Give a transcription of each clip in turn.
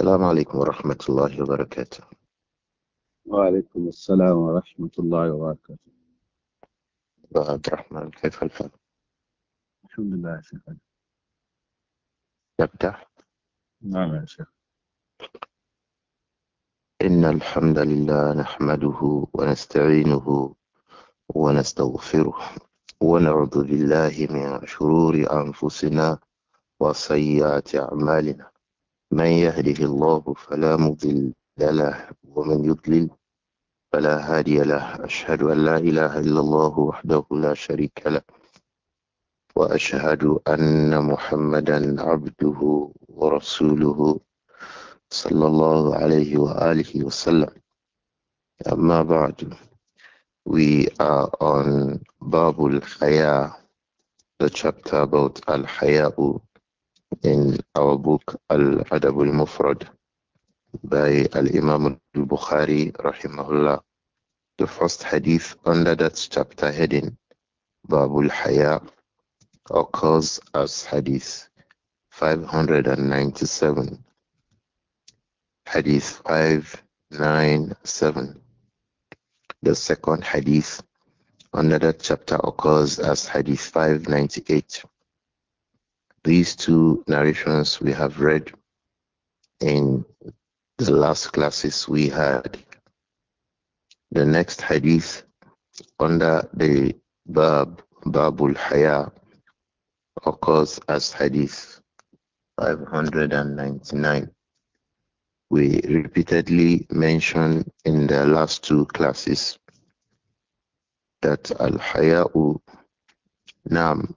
السلام عليكم ورحمة الله وبركاته وعليكم السلام ورحمة الله وبركاته عبد الرحمن كيف الحال؟ الحمد لله يا شيخ تفتح؟ نعم يا شيخ إن الحمد لله نحمده ونستعينه ونستغفره ونعوذ بالله من شرور أنفسنا وسيئات أعمالنا من يهده الله فلا مضل له ومن يضلل فلا هادي له أشهد أن لا إله إلا الله وحده لا شريك له وأشهد أن محمدا عبده ورسوله صلى الله عليه وآله وسلم أما بعد we are on Babul الحياة the chapter about Al in our book Al-Adab al-Mufrad by Al-Imam al-Bukhari rahimahullah. The first hadith under that chapter heading Babul Haya occurs as hadith 597. Hadith 597. The second hadith under that chapter occurs as hadith 598. These two narrations we have read in the last classes we had. The next hadith under the Bab, Babul Haya, occurs as hadith 599. We repeatedly mentioned in the last two classes that Al Haya'u Nam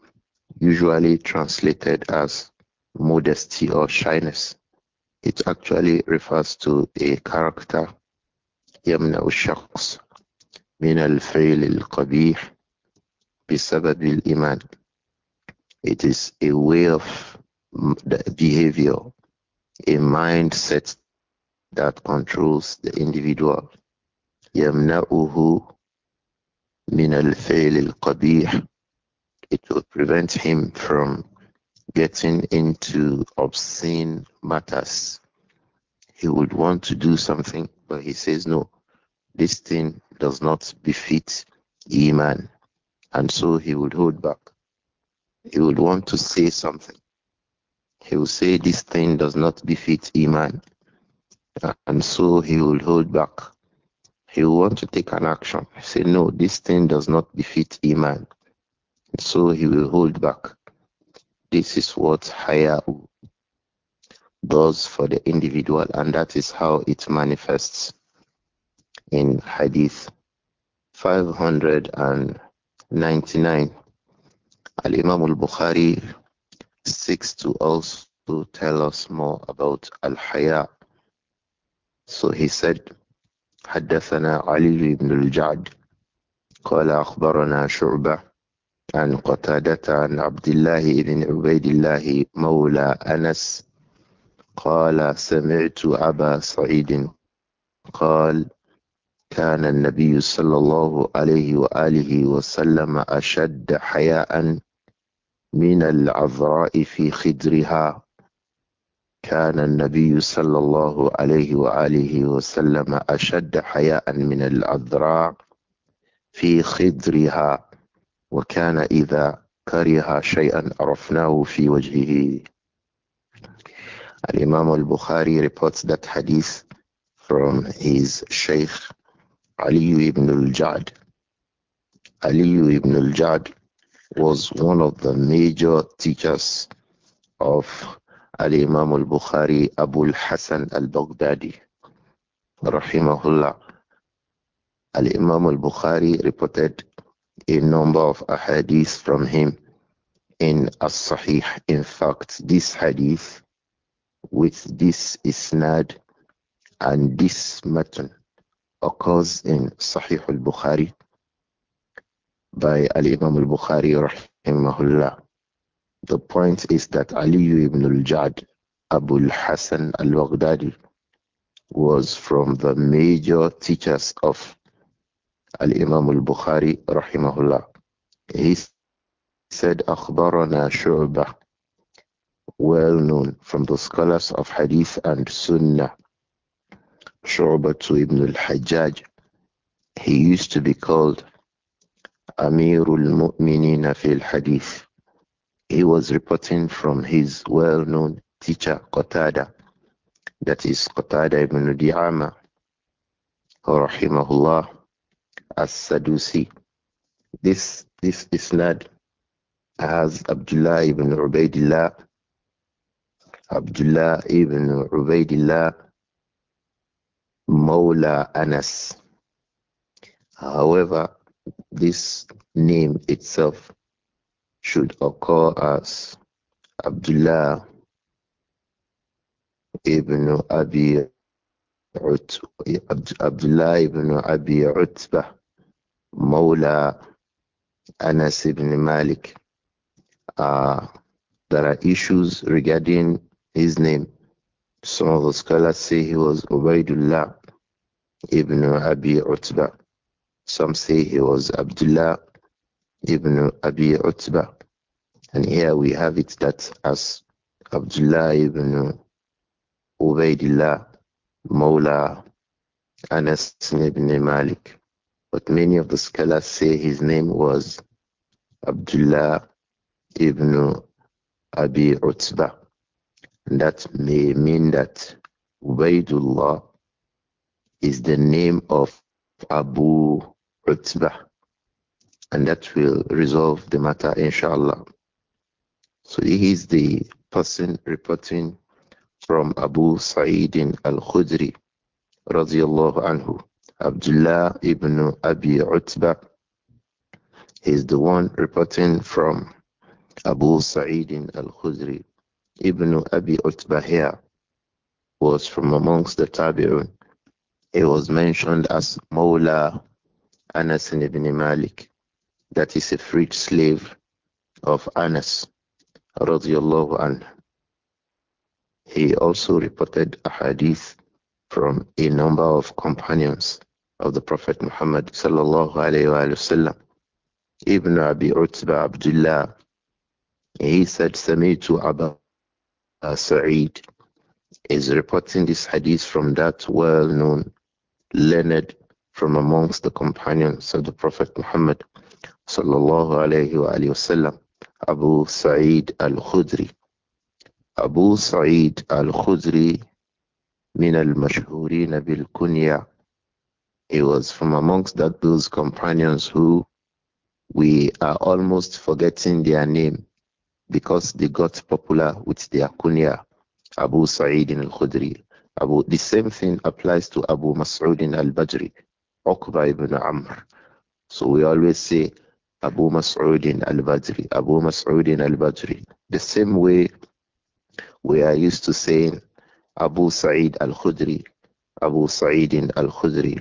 usually translated as modesty or shyness. It actually refers to a character يمنع الشخص من الفعل القبيح بسبب الإيمان. It is a way of behavior, a mindset that controls the individual. يمنعه من الفعل القبيح it will prevent him from getting into obscene matters. He would want to do something, but he says, No, this thing does not befit man, And so he would hold back. He would want to say something. He would say, This thing does not befit man, And so he would hold back. He would want to take an action. Say, No, this thing does not befit man. So he will hold back. This is what haya does for the individual, and that is how it manifests in Hadith 599. Al Imam al Bukhari seeks to also tell us more about Al Haya. So he said, حدثنا علي بن الجعد قال أخبرنا شعبة عن قتادة عن عبد الله بن عبيد الله مولى أنس قال سمعت أبا سعيد قال كان النبي صلى الله عليه وآله وسلم أشد حياء من العذراء في خدرها كان النبي صلى الله عليه وآله وسلم أشد حياء من العذراء في خدرها وكان إذا كره شيئا عرفناه في وجهه الإمام البخاري reports that hadith from his شيخ علي بن الجعد علي al-Jad was one of the major teachers of الإمام البخاري أبو الحسن البغدادي رحمه الله الإمام البخاري reported a number of ahadith from him in As-Sahih. In fact, this hadith with this isnad and this matn occurs in Sahih al-Bukhari by al-Imam al-Bukhari rahimahullah. The point is that Ali ibn al-Jad, Abu al-Hasan al-Baghdadi, was from the major teachers of Al-Imam al-Bukhari rahimahullah. He said, أخبرنا شعبة well known from the scholars of Hadith and Sunnah. Shu'bah to Ibn al-Hajjaj. He used to be called Amirul Mu'minina fil Hadith. He was reporting from his well-known teacher Qatada, that is Qatada ibn Di'ama, rahimahullah as-Sadusi. This this isnad has Abdullah ibn Ubaidillah, Abdullah ibn Ubaidillah, Mawla Anas. However, this name itself should occur as Abdullah ibn Abi Abdullah ibn Abi Utbah, Mawla Anas ibn Malik. Uh, there are issues regarding his name. Some of the scholars say he was Ubaidullah ibn Abi Utbah. Some say he was Abdullah ibn Abi Utbah. And here we have it that as Abdullah ibn Ubaidillah Mawla Anas bin Malik. But many of the scholars say his name was Abdullah ibn Abi and That may mean that Ubaidullah is the name of Abu Utbah. And that will resolve the matter, inshallah. So he is the person reporting from Abu Sa'id al-Khudri radiyallahu anhu. Abdullah ibn Abi Utba is the one reporting from Abu Sa'id al-Khudri. Ibn Abi Utba here was from amongst the Tabi'un. He was mentioned as Mawla Anas ibn Malik, that is a freed slave of Anas radiyallahu anhu. He also reported a hadith from a number of companions of the Prophet Muhammad sallallahu alayhi wa sallam. Ibn Abi Utba Abdullah, he said, to Abu Sa'id is reporting this hadith from that well-known learned from amongst the companions of the Prophet Muhammad sallallahu alayhi wa sallam, Abu Sa'id al-Khudri. أبو سعيد الخدري من المشهورين بالكنية he was from amongst that those companions who we are almost forgetting their name because they got popular with their kunya Abu Sa'id al-Khudri Abu the same thing applies to Abu Mas'ud al-Badri Uqba ibn Amr so we always say Abu Mas'ud al-Badri Abu Mas'ud al-Badri the same way we are used to saying Abu Sa'id al Khudri, Abu Sa'id al Khudri,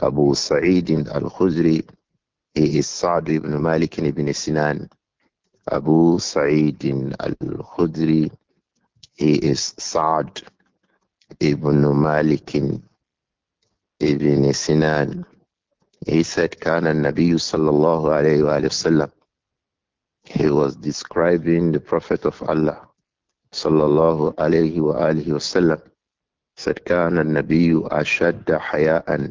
Abu Sa'id al Khudri. He is Sa'd ibn Malik ibn Sinan. Abu Sa'id al Khudri. He is Sa'd ibn Malik ibn Sinan. He said, Kana Nabi sallallahu alayhi wa وسلم." He was describing the Prophet of Allah sallallahu الله عليه وآله wasallam said كان النبي أشد حياء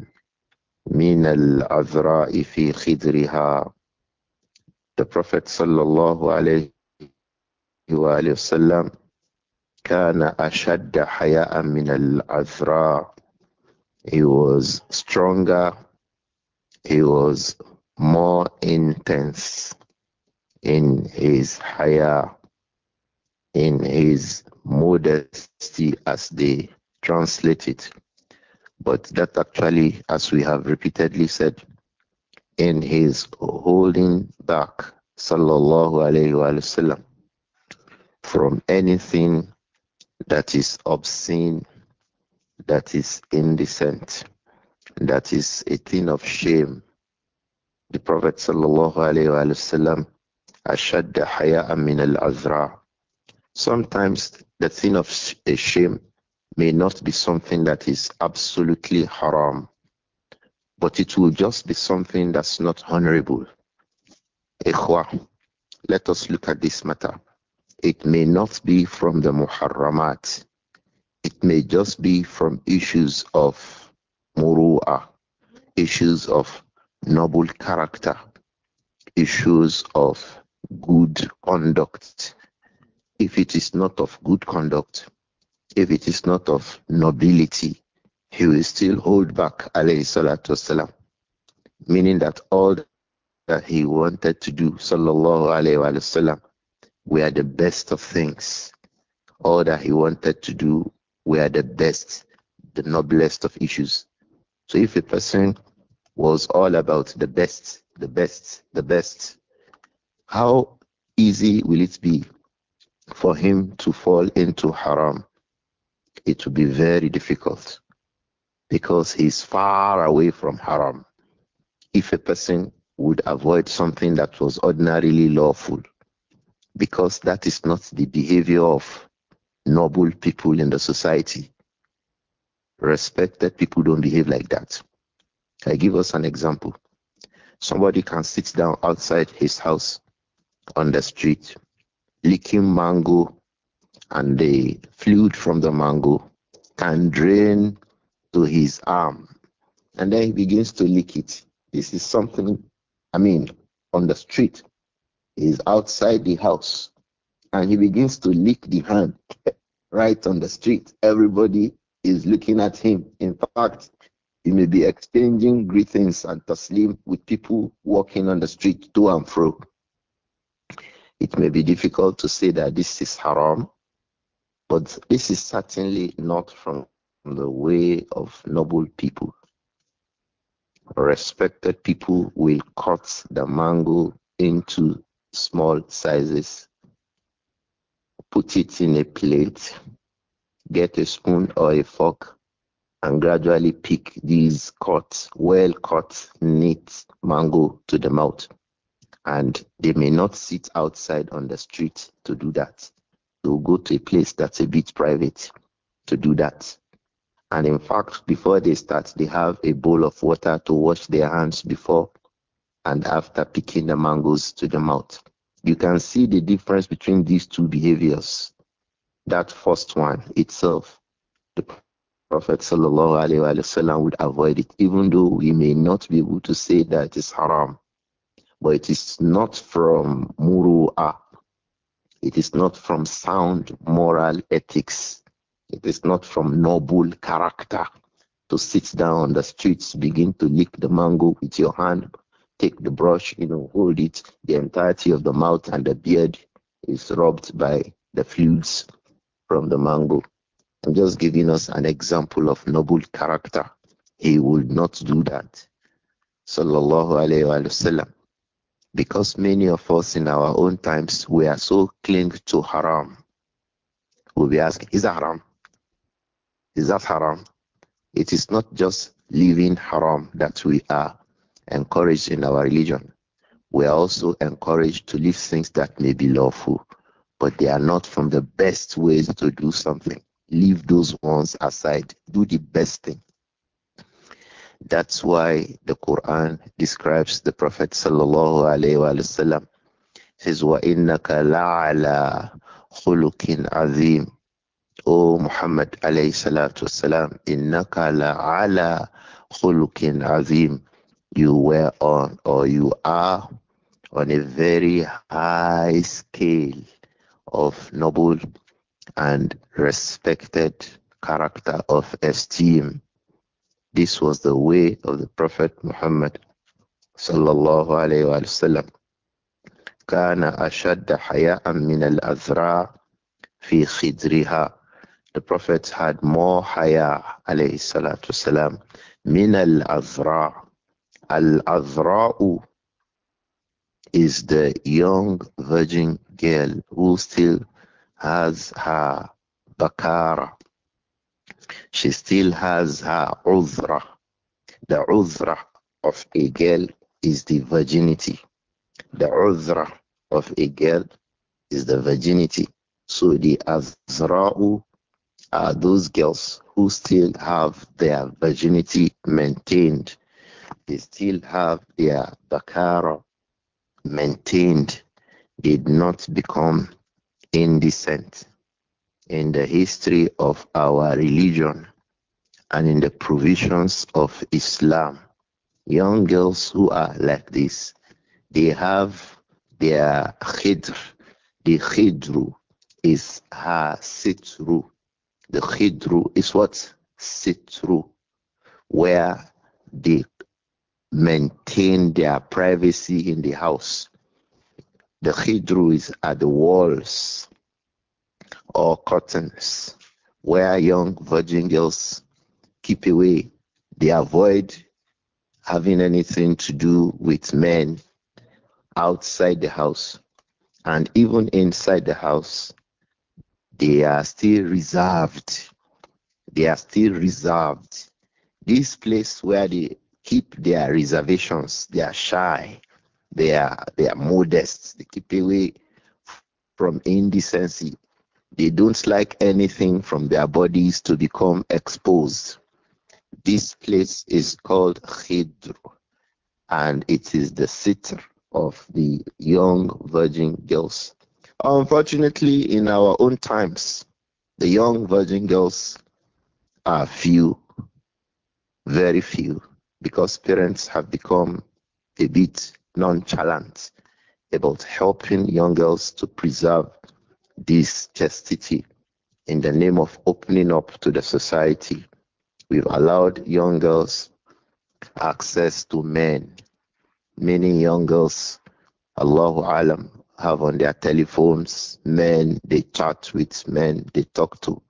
من العذراء في خدرها The Prophet صلى الله عليه وآله وسلم كان أشد حياء من العذراء He was stronger He was more intense in his hayah in his modesty as they translate it. But that actually, as we have repeatedly said, in his holding back, sallallahu alayhi wasallam, from anything that is obscene, that is indecent, that is a thing of shame. The Prophet sallallahu alayhi wasallam, ashadda hayaa min al-azra' Sometimes the thing of a shame may not be something that is absolutely haram, but it will just be something that's not honorable. Ikhwa, let us look at this matter. It may not be from the muharramat. It may just be from issues of muru'ah, issues of noble character, issues of good conduct, if it is not of good conduct, if it is not of nobility, he will still hold back, alayhi salatu wasalam. Meaning that all that he wanted to do, sallallahu alayhi wa sallam, were the best of things. All that he wanted to do were the best, the noblest of issues. So if a person was all about the best, the best, the best, how easy will it be for him to fall into haram. It will be very difficult because he's far away from haram. If a person would avoid something that was ordinarily lawful, because that is not the behavior of noble people in the society. Respected people don't behave like that. I give us an example. Somebody can sit down outside his house on the street licking mango and the fluid from the mango can drain to his arm. And then he begins to lick it. This is something, I mean, on the street. He's outside the house and he begins to lick the hand right on the street. Everybody is looking at him. In fact, he may be exchanging greetings and taslim with people walking on the street to and fro. It may be difficult to say that this is haram, but this is certainly not from the way of noble people. Respected people will cut the mango into small sizes, put it in a plate, get a spoon or a fork, and gradually pick these cut, well cut, neat mango to the mouth. And they may not sit outside on the street to do that. They'll go to a place that's a bit private to do that. And in fact, before they start, they have a bowl of water to wash their hands before and after picking the mangoes to the mouth. You can see the difference between these two behaviors. That first one itself, the Prophet وسلم, would avoid it, even though we may not be able to say that it's haram but it is not from muru'ah. It is not from sound moral ethics. It is not from noble character to sit down on the streets, begin to lick the mango with your hand, take the brush, you know, hold it. The entirety of the mouth and the beard is rubbed by the fluids from the mango. I'm just giving us an example of noble character. He would not do that. Sallallahu alayhi wa sallam because many of us in our own times we are so cling to haram. We'll be asking, is that haram? Is that haram? It is not just leaving haram that we are encouraged in our religion. We are also encouraged to leave things that may be lawful, but they are not from the best ways to do something. Leave those ones aside. Do the best thing. That's why the Quran describes the Prophet sallallahu alaihi wasallam. Says wa innaka la'ala khuluqin azim. O Muhammad alayhi salatu wasalam, innaka la'ala khuluqin azim. You were on or you are on a very high scale of noble and respected character of esteem this was the way of the Prophet Muhammad sallallahu alayhi wa sallam. كان أشد حياء من الأذرع في خدرها The Prophet had more haya عليه الصلاة Azra. من الأذرع is the young virgin girl who still has her bakara, she still has her uzra. The uzra of a girl is the virginity. The uzra of a girl is the virginity. So the azra'u are those girls who still have their virginity maintained. They still have their bakara maintained. Did not become indecent in the history of our religion and in the provisions of Islam. Young girls who are like this, they have their khidr. The khidru is her sitru. The khidru is what? Sitru, where they maintain their privacy in the house. The khidru is at the walls or curtains where young virgin girls keep away. They avoid having anything to do with men outside the house. And even inside the house, they are still reserved. They are still reserved. This place where they keep their reservations, they are shy, they are they are modest, they keep away from indecency, they don't like anything from their bodies to become exposed. This place is called Khidr, and it is the sitter of the young virgin girls. Unfortunately, in our own times, the young virgin girls are few, very few, because parents have become a bit nonchalant about helping young girls to preserve this chastity in the name of opening up to the society. We've allowed young girls access to men. Many young girls, Allahu Alam, have on their telephones men, they chat with men, they talk to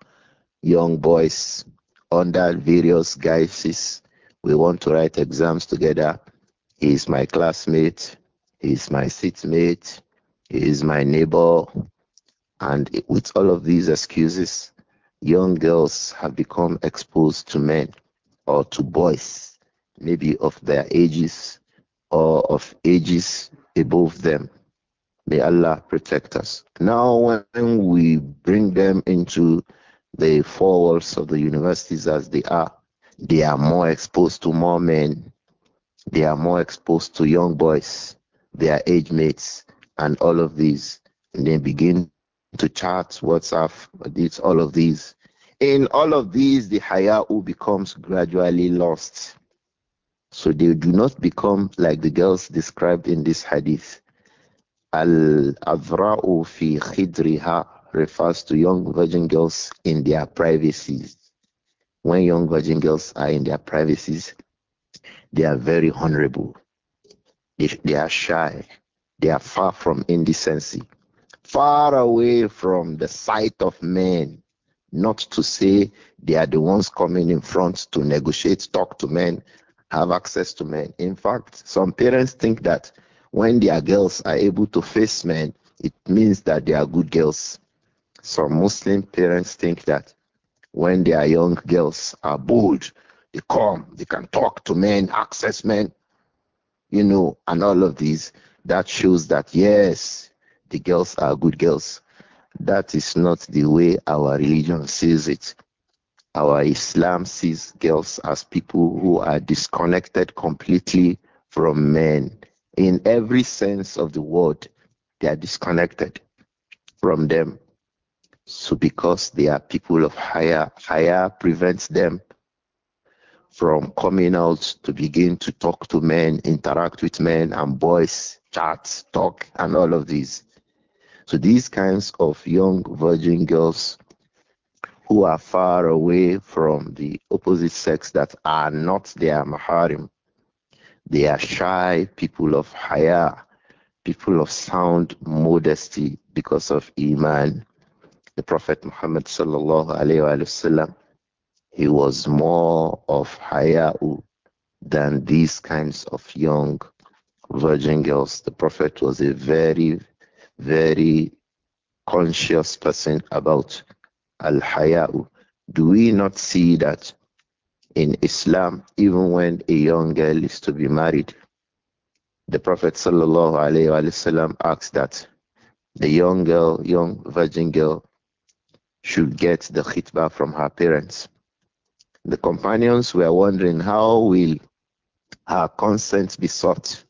young boys under various guises. We want to write exams together. He's my classmate, He's my seatmate, He's my neighbor, and with all of these excuses, young girls have become exposed to men or to boys, maybe of their ages or of ages above them. May Allah protect us. Now, when we bring them into the four walls of the universities as they are, they are more exposed to more men, they are more exposed to young boys, their age mates, and all of these. And they begin to chat, WhatsApp, it's all of these. In all of these, the haya'u becomes gradually lost. So they do not become like the girls described in this hadith. Al-avra'u fi khidriha refers to young virgin girls in their privacies. When young virgin girls are in their privacies, they are very honorable. They, they are shy. They are far from indecency far away from the sight of men, not to say they are the ones coming in front to negotiate, talk to men, have access to men. In fact, some parents think that when their girls are able to face men, it means that they are good girls. Some Muslim parents think that when their young girls are bold, they come, they can talk to men, access men, you know, and all of these. That shows that yes, the girls are good girls. That is not the way our religion sees it. Our Islam sees girls as people who are disconnected completely from men. In every sense of the word, they are disconnected from them. So because they are people of higher, higher prevents them from coming out to begin to talk to men, interact with men and boys, chat, talk, and all of these. So these kinds of young virgin girls who are far away from the opposite sex that are not their maharim, they are shy people of haya, people of sound modesty because of iman. The Prophet Muhammad sallallahu alaihi wasallam, he was more of haya than these kinds of young virgin girls. The Prophet was a very very conscious person about al hayau do we not see that in islam even when a young girl is to be married the prophet sallallahu alaihi wasallam asks that the young girl young virgin girl should get the khitbah from her parents the companions were wondering how will her consent be sought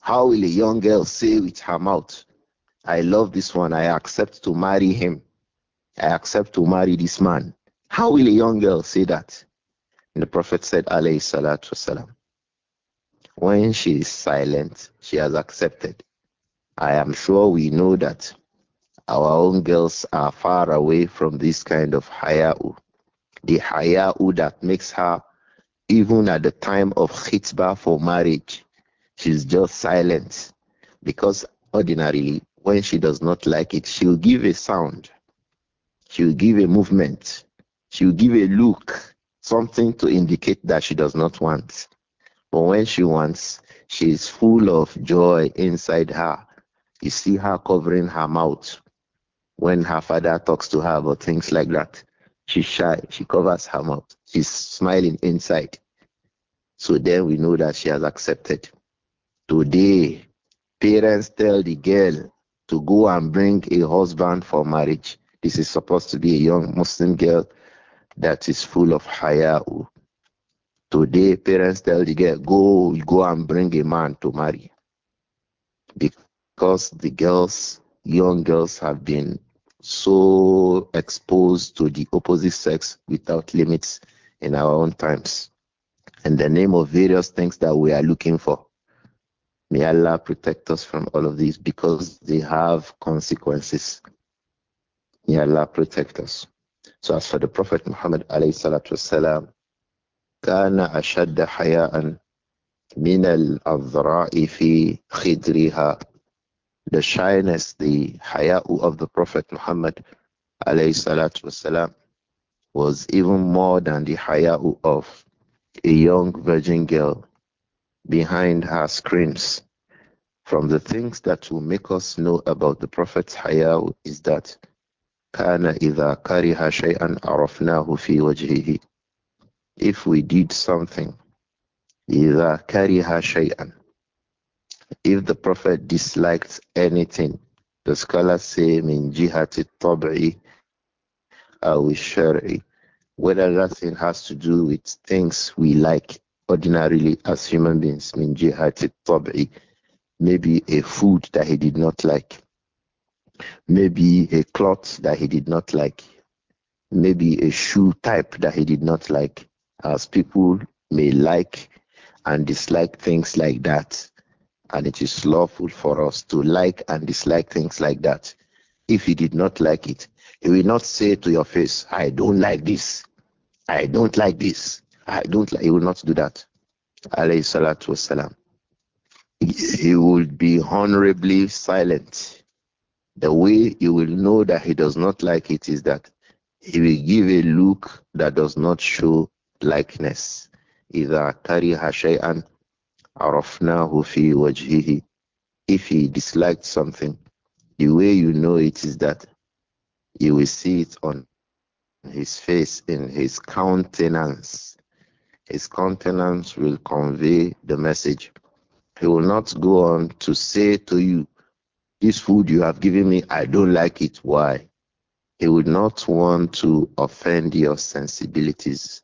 how will a young girl say with her mouth I love this one. I accept to marry him. I accept to marry this man. How will a young girl say that? And the Prophet said, alayhi salatu wasalam, when she is silent, she has accepted. I am sure we know that our own girls are far away from this kind of hayau. The hayau that makes her, even at the time of khitbah for marriage, she's just silent. Because ordinarily, when she does not like it, she'll give a sound, she'll give a movement, she'll give a look, something to indicate that she does not want. But when she wants, she is full of joy inside her. You see her covering her mouth when her father talks to her about things like that. She's shy, she covers her mouth, she's smiling inside. So then we know that she has accepted. Today, parents tell the girl, to go and bring a husband for marriage. This is supposed to be a young Muslim girl that is full of haya. Today, parents tell the girl, go, go and bring a man to marry. Because the girls, young girls, have been so exposed to the opposite sex without limits in our own times. And the name of various things that we are looking for. May Allah protect us from all of these because they have consequences. May Allah protect us. So as for the Prophet Muhammad alayhi salatu wasalam, كان أشد حياء من في خدرها the shyness, the haya'u of the Prophet Muhammad والسلام, was even more than the haya'u of a young virgin girl behind her screens. From the things that will make us know about the Prophet's Hayaw is that Kana إذا كره شيئا عرفناه if we did something إذا كره شيئا if the Prophet disliked anything the scholars say من جهة الطبع أو الشرع whether that thing has to do with things we like ordinarily as human beings, min tab'i, maybe a food that he did not like, maybe a cloth that he did not like, maybe a shoe type that he did not like, as people may like and dislike things like that. And it is lawful for us to like and dislike things like that. If he did not like it, he will not say to your face, I don't like this. I don't like this. I don't he will not do that. Alayhi salatu wasalam. He will be honorably silent. The way you will know that he does not like it is that he will give a look that does not show likeness. If he disliked something, the way you know it is that you will see it on his face, in his countenance his countenance will convey the message. He will not go on to say to you, This food you have given me, I don't like it. Why? He would not want to offend your sensibilities.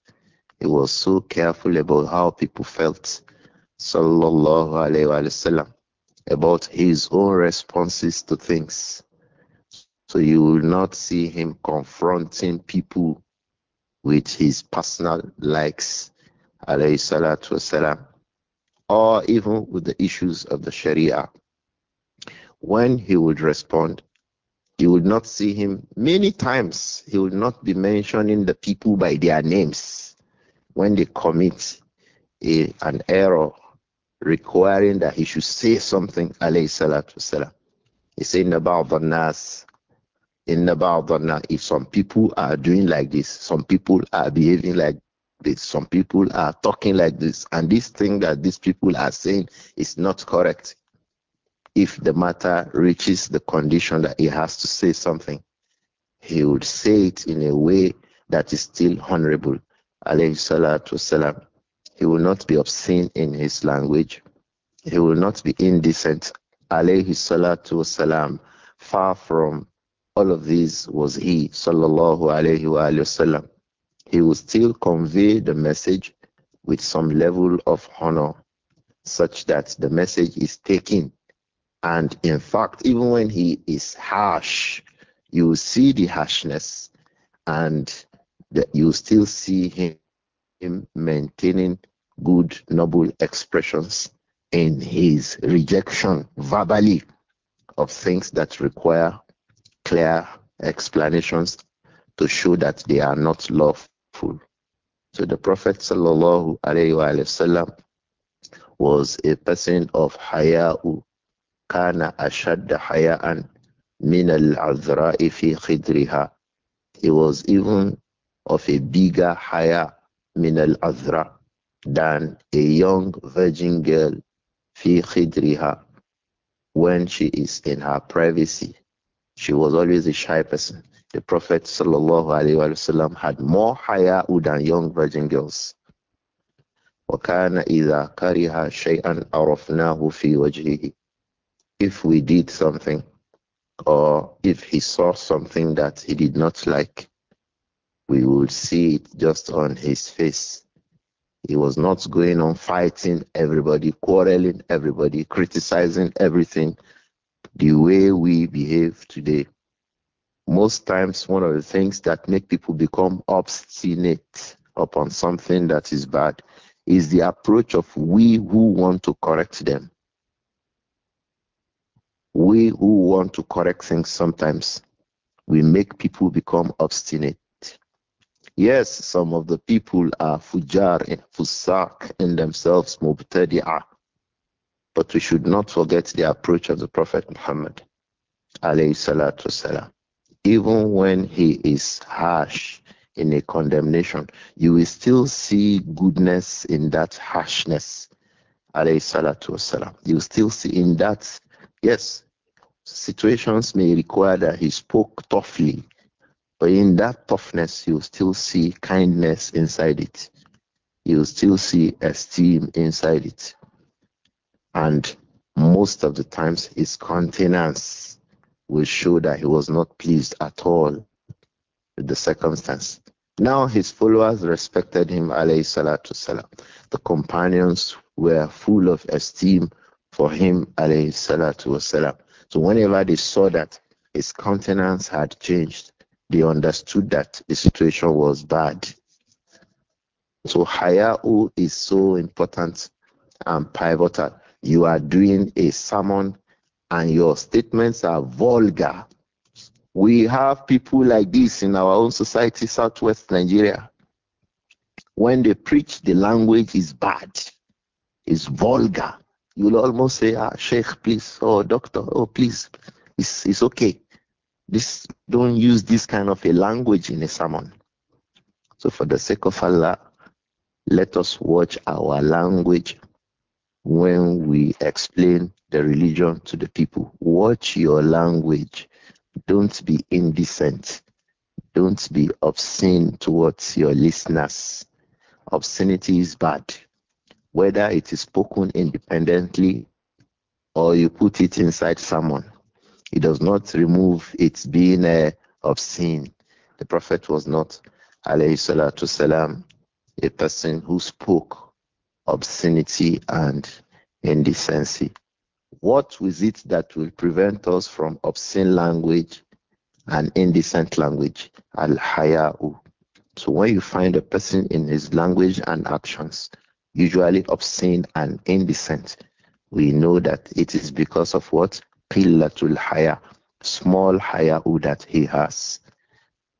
He was so careful about how people felt, sallallahu alayhi wasallam, about his own responses to things. So you will not see him confronting people with his personal likes alayhi salatu wasalam, or even with the issues of the Sharia. When he would respond, you would not see him many times. He would not be mentioning the people by their names when they commit a, an error requiring that he should say something. Alayhi salatu wasalam. He said, in the nas, in the nas, if some people are doing like this, some people are behaving like this. Some people are talking like this, and this thing that these people are saying is not correct. If the matter reaches the condition that he has to say something, he would say it in a way that is still honorable. Alayhi He will not be obscene in his language. He will not be indecent. Alayhi salatu wasalam. Far from all of these was he, sallallahu alayhi wa sallam he will still convey the message with some level of honor such that the message is taken. And in fact, even when he is harsh, you see the harshness and you still see him, him maintaining good, noble expressions in his rejection verbally of things that require clear explanations to show that they are not love so the Prophet sallallahu was a person of haya'u kana ashad haya'an min al-azra'i fi khidriha. He was even of a bigger haya min al-azra than a young virgin girl fi khidriha when she is in her privacy. She was always a shy person the Prophet وسلم, had more higher than young virgin girls. وَكَانَ إِذَا كَرِهَ شَيْئًا أَرَفْنَاهُ فِي وَجْهِهِ If we did something, or if he saw something that he did not like, we would see it just on his face. He was not going on fighting everybody, quarreling everybody, criticizing everything the way we behave today most times one of the things that make people become obstinate upon something that is bad is the approach of we who want to correct them. We who want to correct things sometimes we make people become obstinate. Yes, some of the people are fujar and fusak in themselves, mubtadi'ah. But we should not forget the approach of the Prophet Muhammad, alayhi salatu wasalam even when he is harsh in a condemnation, you will still see goodness in that harshness. You still see in that, yes, situations may require that he spoke toughly, but in that toughness, you still see kindness inside it. You still see esteem inside it. And most of the times, his countenance will show that he was not pleased at all with the circumstance. Now his followers respected him, alayhi salatu salam. The companions were full of esteem for him, alayhi salatu salam. So whenever they saw that his countenance had changed, they understood that the situation was bad. So haya'u is so important and pivotal. You are doing a sermon and your statements are vulgar. We have people like this in our own society, Southwest Nigeria. When they preach, the language is bad, it's vulgar. You'll almost say, ah, Sheikh, please, or oh, doctor, oh, please, it's, it's okay. This Don't use this kind of a language in a sermon. So, for the sake of Allah, let us watch our language when we explain the religion to the people. Watch your language. Don't be indecent. Don't be obscene towards your listeners. Obscenity is bad, whether it is spoken independently or you put it inside someone. It does not remove its being uh, obscene. The Prophet was not, alayhi salam, a person who spoke obscenity and indecency. What is it that will prevent us from obscene language and indecent language? Al haya'u. So when you find a person in his language and actions, usually obscene and indecent, we know that it is because of what? pillatul haya, small haya'u that he has.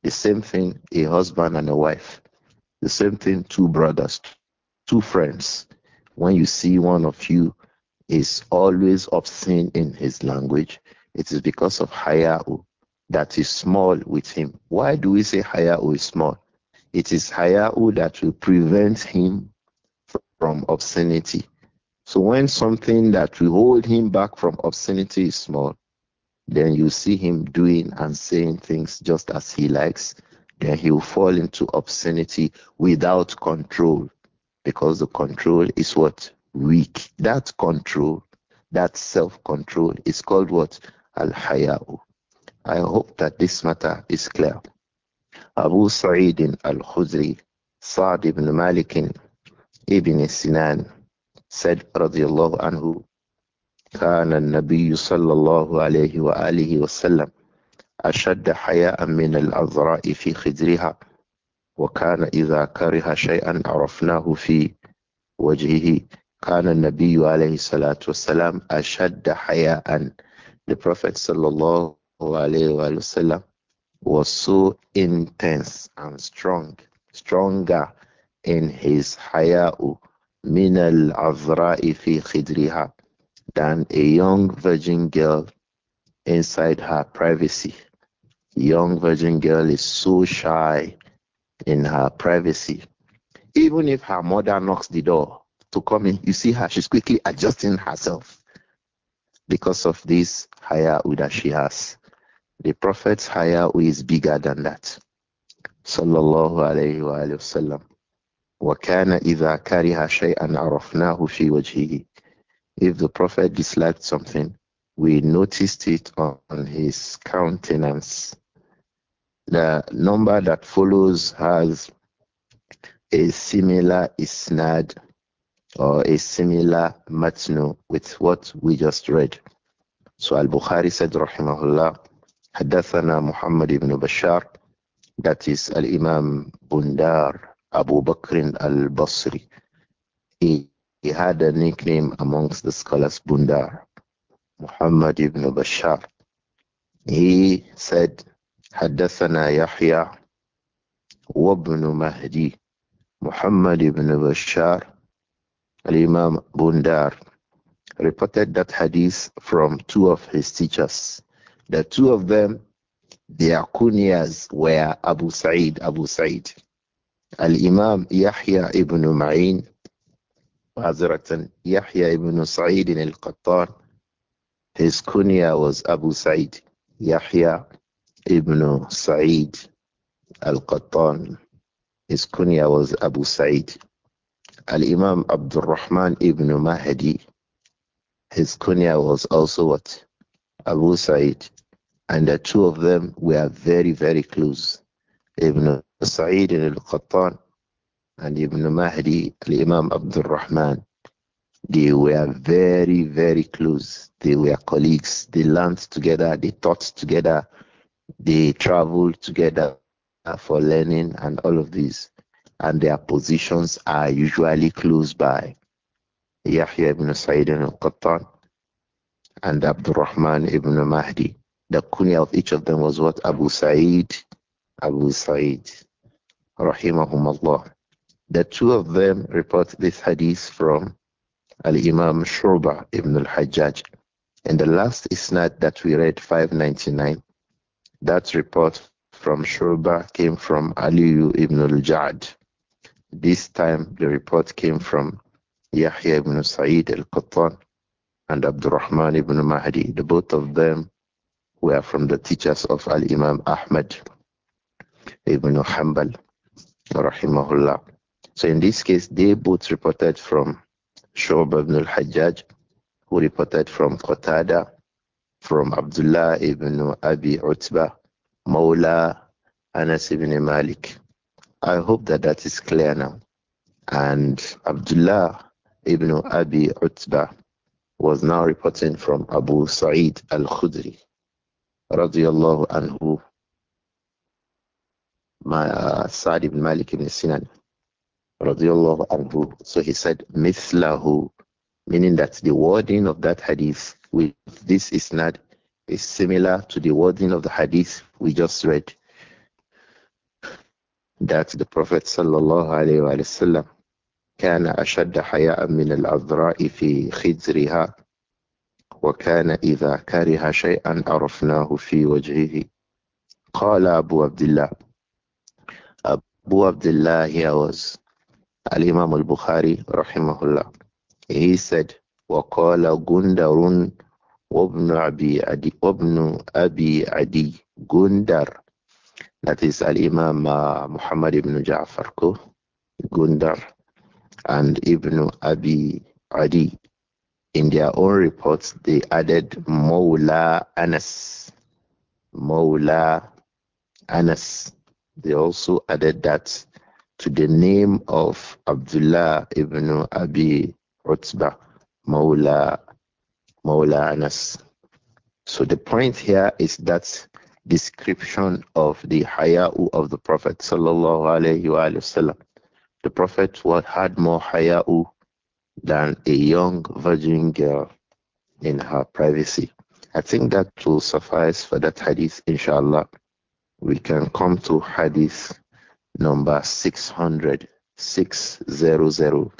The same thing, a husband and a wife. The same thing, two brothers, two friends. When you see one of you is always obscene in his language, it is because of haya'u that is small with him. Why do we say haya'u is small? It is haya'u that will prevent him from obscenity. So when something that will hold him back from obscenity is small, then you see him doing and saying things just as he likes, then he will fall into obscenity without control because the control is what? weak. That control, that self control is called what? Al hayau I hope that this matter is clear. Abu Sa'id al Khudri, Sa'd ibn Malik ibn Sinan said, radiallahu anhu, كان النبي صلى الله عليه وآله وسلم أشد حياء من العذراء في خدرها وكان إذا كره شيئا عرفناه في وجهه the Prophet sallallahu alayhi was so intense and strong, stronger in his haya'u min al fi khidriha than a young virgin girl inside her privacy. young virgin girl is so shy in her privacy. Even if her mother knocks the door, to come in, you see her, she's quickly adjusting herself because of this higher that she has. The Prophet's higher is bigger than that. Sallallahu alayhi wa sallam. وكان إذا كره شيئا عرفناه في وجهه. If the Prophet disliked something, we noticed it on his countenance. The number that follows has a similar isnad or a similar matnu with what we just read. So Al-Bukhari said, rahimahullah, حدثنا Muhammad ibn Bashar, that is Al-Imam Bundar Abu Bakr al-Basri. He, he had a nickname amongst the scholars Bundar, Muhammad ibn Bashar. He said, حدثنا Yahya, وابن مهدي محمد بن بشار Al Imam Bundar reported that hadith from two of his teachers. The two of them, their kunyas were Abu Sa'id, Abu Sa'id. Al Imam Yahya ibn Ma'in, Hazrat Yahya ibn Sa'id al Qattan, his kunya was Abu Sa'id, Yahya ibn Sa'id al Qattan. His kunya was Abu Sa'id. Al Imam Abdul Rahman ibn Mahdi, his kunya was also what? Abu Sa'id. And the two of them were very, very close. Ibn Sa'id al Qattan and Ibn Mahdi, Al Imam Abdul Rahman. They were very, very close. They were colleagues. They learned together, they taught together, they traveled together for learning and all of these and their positions are usually close by. Yahya ibn Sa'id al-Qattan and Abdurrahman ibn Mahdi. The kunya of each of them was what? Abu Sa'id, Abu Sa'id, Allah. The two of them report this hadith from Al-Imam Shurba ibn al-Hajjaj. And the last isnad that we read, 599, that report from Shurba came from Ali ibn al jad this time the report came from Yahya ibn Sa'id al-Qattan and Abdurrahman ibn Mahdi. The both of them were from the teachers of Al-Imam Ahmad ibn Hanbal, rahimahullah. So in this case, they both reported from Shu'b ibn al-Hajjaj, who reported from Qatada, from Abdullah ibn Abi Utbah, Mawla Anas ibn Malik. I hope that that is clear now. And Abdullah ibn Abi Utbah was now reporting from Abu Sa'id al-Khudri radiyallahu anhu my uh, Sa'd ibn Malik ibn Sinan radiyallahu anhu so he said mithlahu meaning that the wording of that hadith with this not, is similar to the wording of the hadith we just read that the Prophet sallallahu alaihi wasallam كان أشد حياء من الأذراء في خدرها وكان إذا كره شيئا عرفناه في وجهه قال أبو عبد الله أبو عبد الله here was الإمام البخاري رحمه الله he said وقال جندر وابن أبي عدي وابن أبي عدي جندر that is Al Imam uh, Muhammad ibn Ja'far Ko, Gundar, and Ibn Abi Adi. In their own reports, they added Mawla Anas. Mawla Anas. They also added that to the name of Abdullah ibn Abi Utbah, Mawla, Mawla Anas. So the point here is that description of the haya'u of the Prophet sallallahu alaihi wasallam. The Prophet had more haya'u than a young virgin girl in her privacy. I think that will suffice for that hadith, inshallah. We can come to hadith number 600, 600.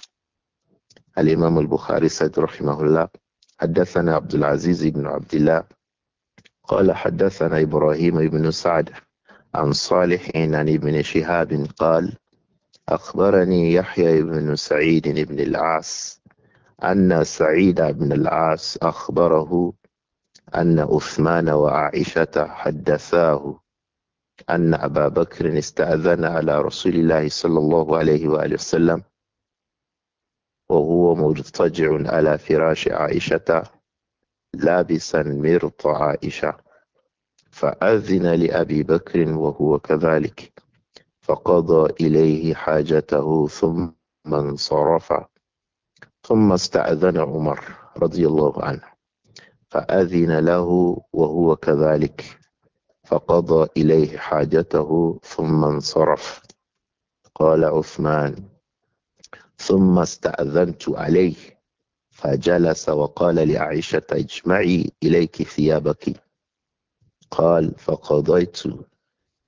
Al-Imam al-Bukhari said, رحمه الله, حدثنا عبد العزيز بن عبد الله قال حدثنا إبراهيم بن سعد عن صالح عن ابن شهاب قال أخبرني يحيى بن سعيد بن العاص أن سعيد بن العاص أخبره أن أثمان وعائشة حدثاه أن أبا بكر استأذن على رسول الله صلى الله عليه وآله وسلم وهو مرتجع على فراش عائشة لابسا مرط عائشة فأذن لأبي بكر وهو كذلك فقضى إليه حاجته ثم انصرف ثم استأذن عمر رضي الله عنه فأذن له وهو كذلك فقضى إليه حاجته ثم انصرف قال عثمان ثم استأذنت عليه فجلس وقال لعائشة اجمعي إليك ثيابك قال فقضيت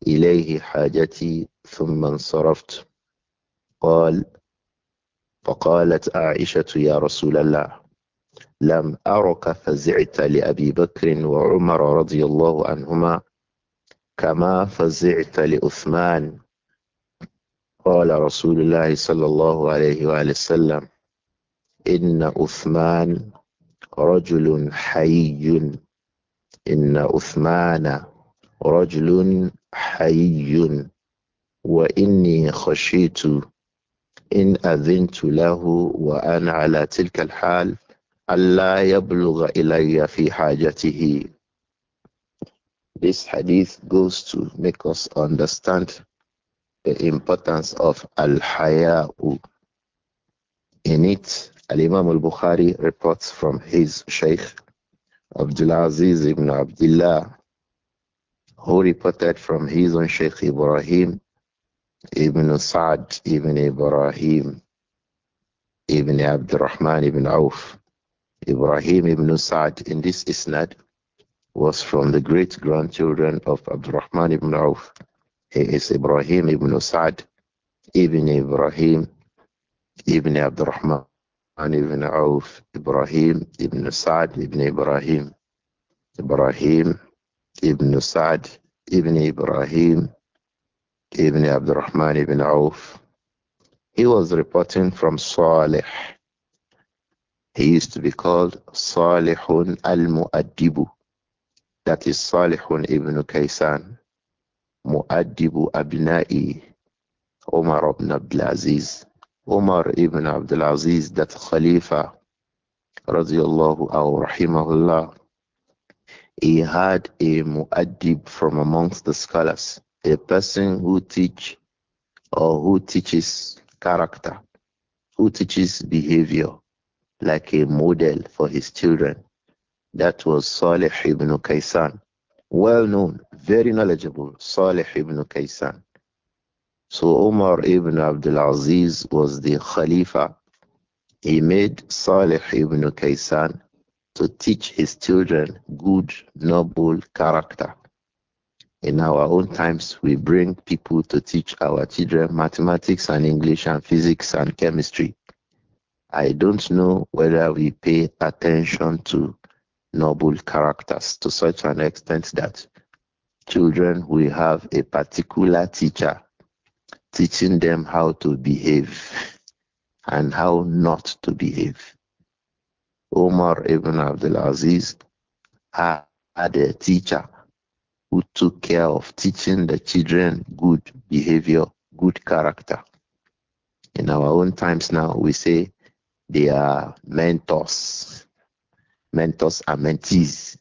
إليه حاجتي ثم انصرفت قال فقالت عائشة يا رسول الله لم أرك فزعت لأبي بكر وعمر رضي الله عنهما كما فزعت لأثمان قال رسول الله صلى الله عليه وآله وسلم إن عثمان رجل حي إن عثمان رجل حي وإني خشيت إن أذنت له وأنا على تلك الحال ألا يبلغ إلي في حاجته This hadith goes to make us understand the importance of al-haya'u. In it, Al-Imam al-Bukhari reports from his Shaykh Abdullah Aziz ibn Abdullah, who reported from his own Shaykh Ibrahim ibn Sa'd ibn Ibrahim ibn Abdurrahman ibn Auf. Ibrahim ibn Sa'd in this isnad was from the great grandchildren of Abdurrahman ibn Auf. He is Ibrahim ibn Sa'd ibn Ibrahim ibn Abdurrahman عن ابن عوف إبراهيم ابن سعد ابن Ibrahim, إبراهيم ابن سعد ابن Ibrahim, ibn عبد الرحمن ibn Auf. He was reporting from Salih. He used to be called Salihun al-Mu'addibu. That is Salihun ibn Kaysan. Mu'addibu abna'i Omar ibn Abdulaziz. Umar ibn Abdul Aziz, that Khalifa, radiallahu anhu, rahimahullah, he had a mu'addib from amongst the scholars, a person who teach or who teaches character, who teaches behavior like a model for his children. That was Saleh ibn Kaysan. Well known, very knowledgeable, Saleh ibn Kaysan. So Umar ibn Abdul Aziz was the Khalifa. He made Saleh ibn Kaysan to teach his children good, noble character. In our own times, we bring people to teach our children mathematics and English and physics and chemistry. I don't know whether we pay attention to noble characters to such an extent that children will have a particular teacher teaching them how to behave and how not to behave. Omar ibn Abdul Aziz had a teacher who took care of teaching the children good behavior, good character. In our own times now, we say they are mentors. Mentors are mentees.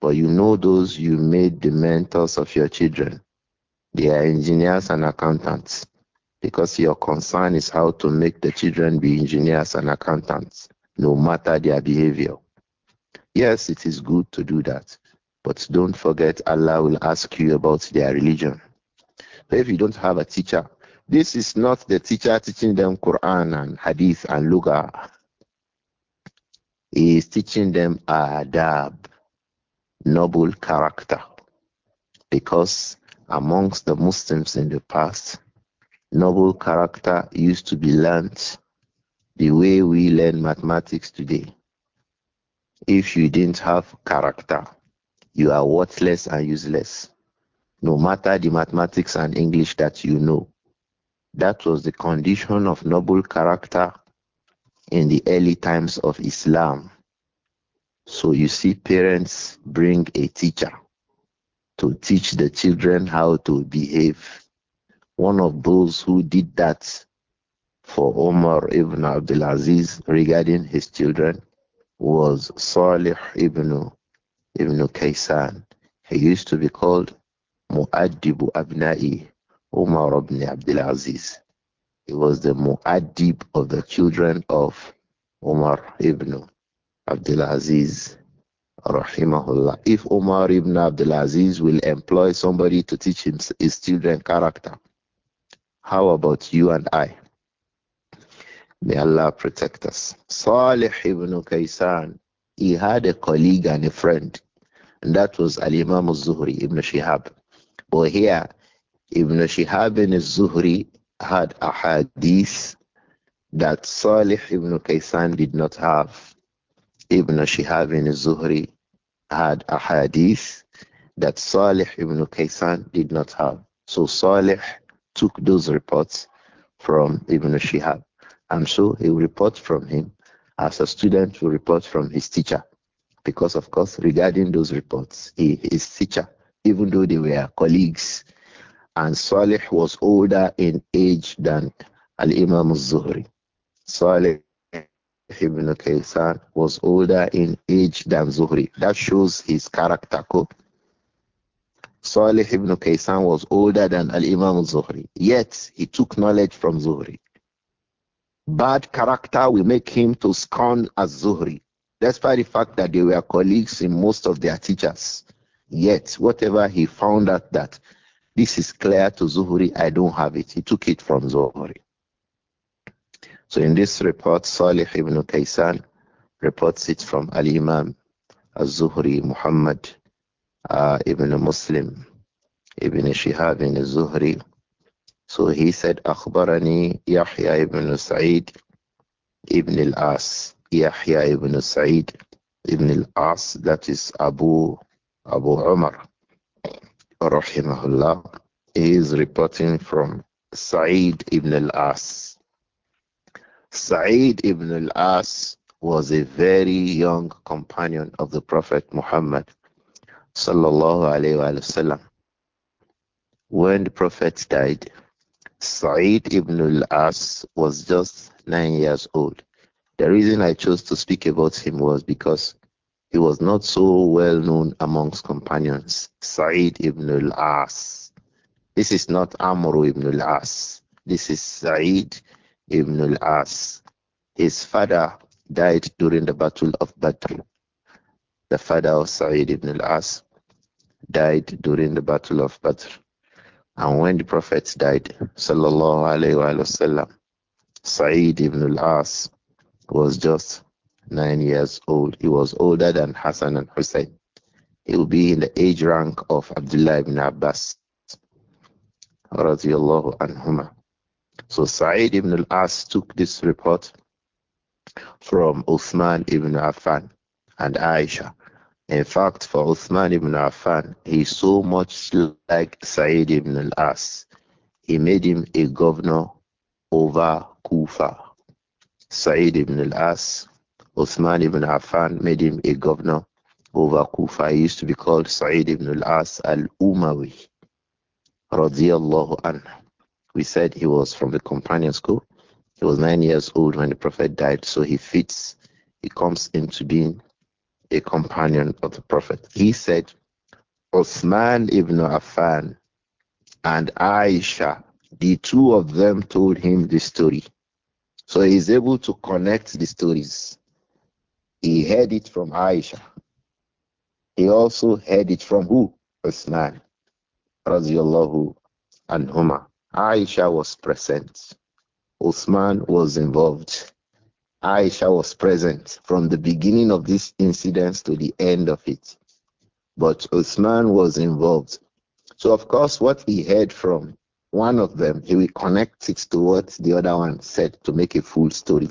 But you know those you made the mentors of your children. They are engineers and accountants because your concern is how to make the children be engineers and accountants, no matter their behavior. Yes, it is good to do that, but don't forget Allah will ask you about their religion. So if you don't have a teacher, this is not the teacher teaching them Quran and Hadith and Luga. He is teaching them adab, noble character, because amongst the Muslims in the past, noble character used to be learnt the way we learn mathematics today. If you didn't have character, you are worthless and useless, no matter the mathematics and English that you know. That was the condition of noble character in the early times of Islam. So you see, parents bring a teacher to teach the children how to behave. One of those who did that for Omar ibn Abdulaziz regarding his children was Salih ibn, ibn Kaysan. He used to be called Mu'addibu Abna'i Umar ibn Abdulaziz. He was the Mu'addib of the children of Umar ibn Abdulaziz rahimahullah. If Omar ibn Abdul Aziz will employ somebody to teach him, his children character, how about you and I? May Allah protect us. Salih ibn Kaysan, he had a colleague and a friend, and that was Al Imam Zuhri ibn Shihab. But here, Ibn Shihab ibn Zuhri had a hadith that Salih ibn Kaysan did not have. Ibn Shihab ibn Zuhri had a hadith that Salih ibn Kaysan did not have. So Salih took those reports from Ibn Shihab. And so he will report from him as a student will report from his teacher. Because, of course, regarding those reports, he, his teacher, even though they were colleagues, and Salih was older in age than Al Imam Zuhri. Salih ibn Kaysan was older in age than Zuhri. That shows his character code. Salih ibn Kaysan was older than Al Imam Zuhri, yet he took knowledge from Zuhri. Bad character will make him to scorn as Zuhri, despite the fact that they were colleagues in most of their teachers. Yet, whatever he found out that this is clear to Zuhri, I don't have it, he took it from Zuhri. So in this report, Salih ibn Kaysan reports it from Al Imam Al-Zuhri Muhammad uh, ibn Muslim ibn Shihab ibn Zuhri. So he said, "Akhbarani Yahya ibn Sa'id ibn al-As. Yahya ibn Sa'id ibn al-As, that is Abu Abu Umar, rahimahullah. He is reporting from Sa'id ibn al-As. Sa'id ibn al-As was a very young companion of the Prophet Muhammad sallallahu alaihi wasallam. When the Prophet died, Sa'id ibn al-As was just nine years old. The reason I chose to speak about him was because he was not so well known amongst companions. Sa'id ibn al-As. This is not Amr ibn al-As. This is Sa'id ibn al-As. His father died during the Battle of Badr. The father of Sa'id ibn al-As died during the Battle of Badr. And when the Prophet died, sallallahu alayhi wa sallam, Sa'id ibn al-As was just nine years old. He was older than Hassan and Hussein. He will be in the age rank of Abdullah ibn Abbas. الله عنهما. So Sa'id ibn al-As took this report from Uthman ibn Affan and Aisha. In fact, for Uthman ibn Affan, he so much like Sa'id ibn al-As. He made him a governor over Kufa. Sa'id ibn al-As, Uthman ibn Affan made him a governor over Kufa. He used to be called Sa'id ibn al-As al-Umawi, radiyallahu anhu. We said he was from the companion school. He was nine years old when the Prophet died, so he fits, he comes into being a companion of the Prophet. He said, Osman ibn Affan and Aisha, the two of them told him the story. So he's able to connect the stories. He heard it from Aisha. He also heard it from who? Osman. and anhuma. Aisha was present. Osman was involved. Aisha was present from the beginning of this incident to the end of it. But Osman was involved. So, of course, what he heard from one of them, he will connect it to what the other one said to make a full story.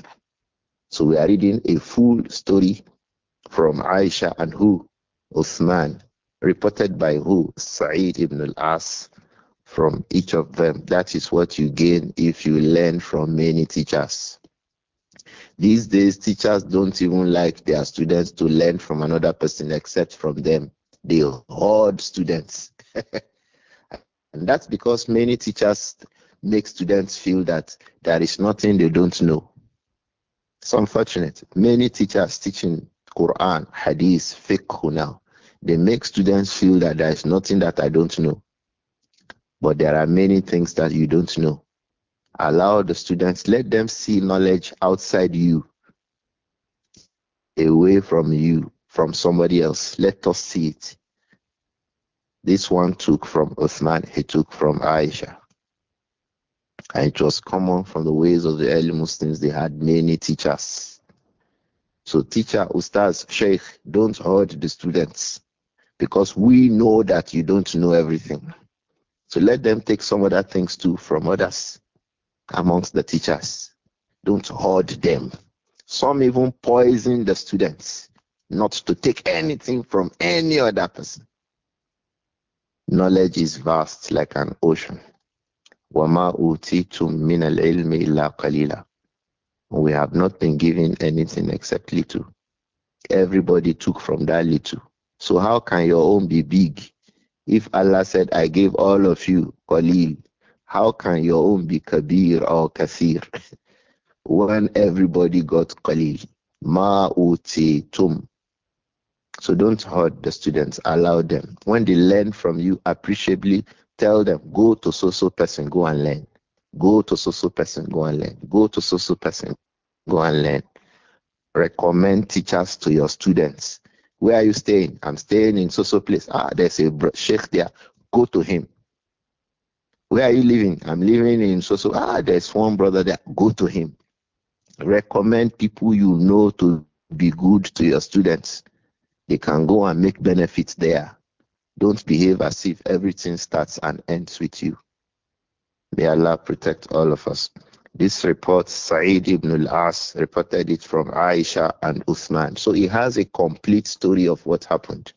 So, we are reading a full story from Aisha and who? Osman, reported by who? Sa'id ibn al-As from each of them. That is what you gain if you learn from many teachers. These days, teachers don't even like their students to learn from another person except from them. They hoard students. and that's because many teachers make students feel that there is nothing they don't know. It's unfortunate. Many teachers teaching Quran, Hadith, Fiqh now, they make students feel that there is nothing that I don't know. But there are many things that you don't know. Allow the students, let them see knowledge outside you, away from you, from somebody else. Let us see it. This one took from Uthman, he took from Aisha. And it was common from the ways of the early Muslims, they had many teachers. So, teacher, ustaz, sheikh, don't hurt the students because we know that you don't know everything. So let them take some other things too from others amongst the teachers. Don't hoard them. Some even poison the students not to take anything from any other person. Knowledge is vast like an ocean. وَمَا أُوتِيتُم مِّنَ الْعِلْمِ إِلَّا قَلِيلًا We have not been given anything except little. Everybody took from that little. So how can your own be big if Allah said, I gave all of you khalil," how can your own be Kabir or Kathir? when everybody got khalil? Ma tum. So don't hurt the students, allow them. When they learn from you appreciably, tell them, go to so so person, go and learn. Go to so so person, go and learn. Go to so so person, go and learn. Recommend teachers to your students where are you staying? I'm staying in so so place. Ah, there's a sheikh there. Go to him. Where are you living? I'm living in so so. Ah, there's one brother there. Go to him. Recommend people you know to be good to your students. They can go and make benefits there. Don't behave as if everything starts and ends with you. May Allah protect all of us. This report, Sa'id ibn al-As reported it from Aisha and Uthman. So he has a complete story of what happened.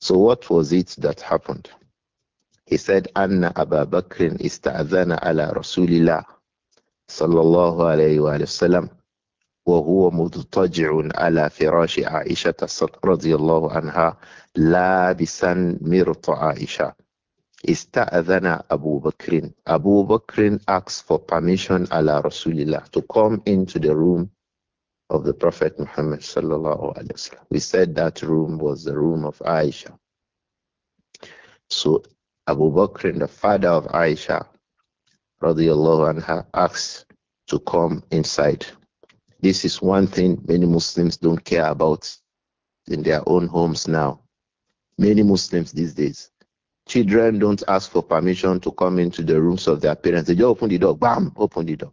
So what was it that happened? He said, Anna Abu Bakr ista'adhana ala Rasulillah sallallahu alayhi wa sallam وهو مضطجع على فراش عائشة رضي الله عنها لابسا مرط Aisha. Ista'adhana Abu Bakr. Abu Bakr asks for permission ala Rasulillah to come into the room of the Prophet Muhammad sallallahu alaihi wasallam. We said that room was the room of Aisha. So Abu Bakr, the father of Aisha, radiallahu anha, asks to come inside. This is one thing many Muslims don't care about in their own homes now. Many Muslims these days, Children don't ask for permission to come into the rooms of their parents. They just open the door, bam, open the door.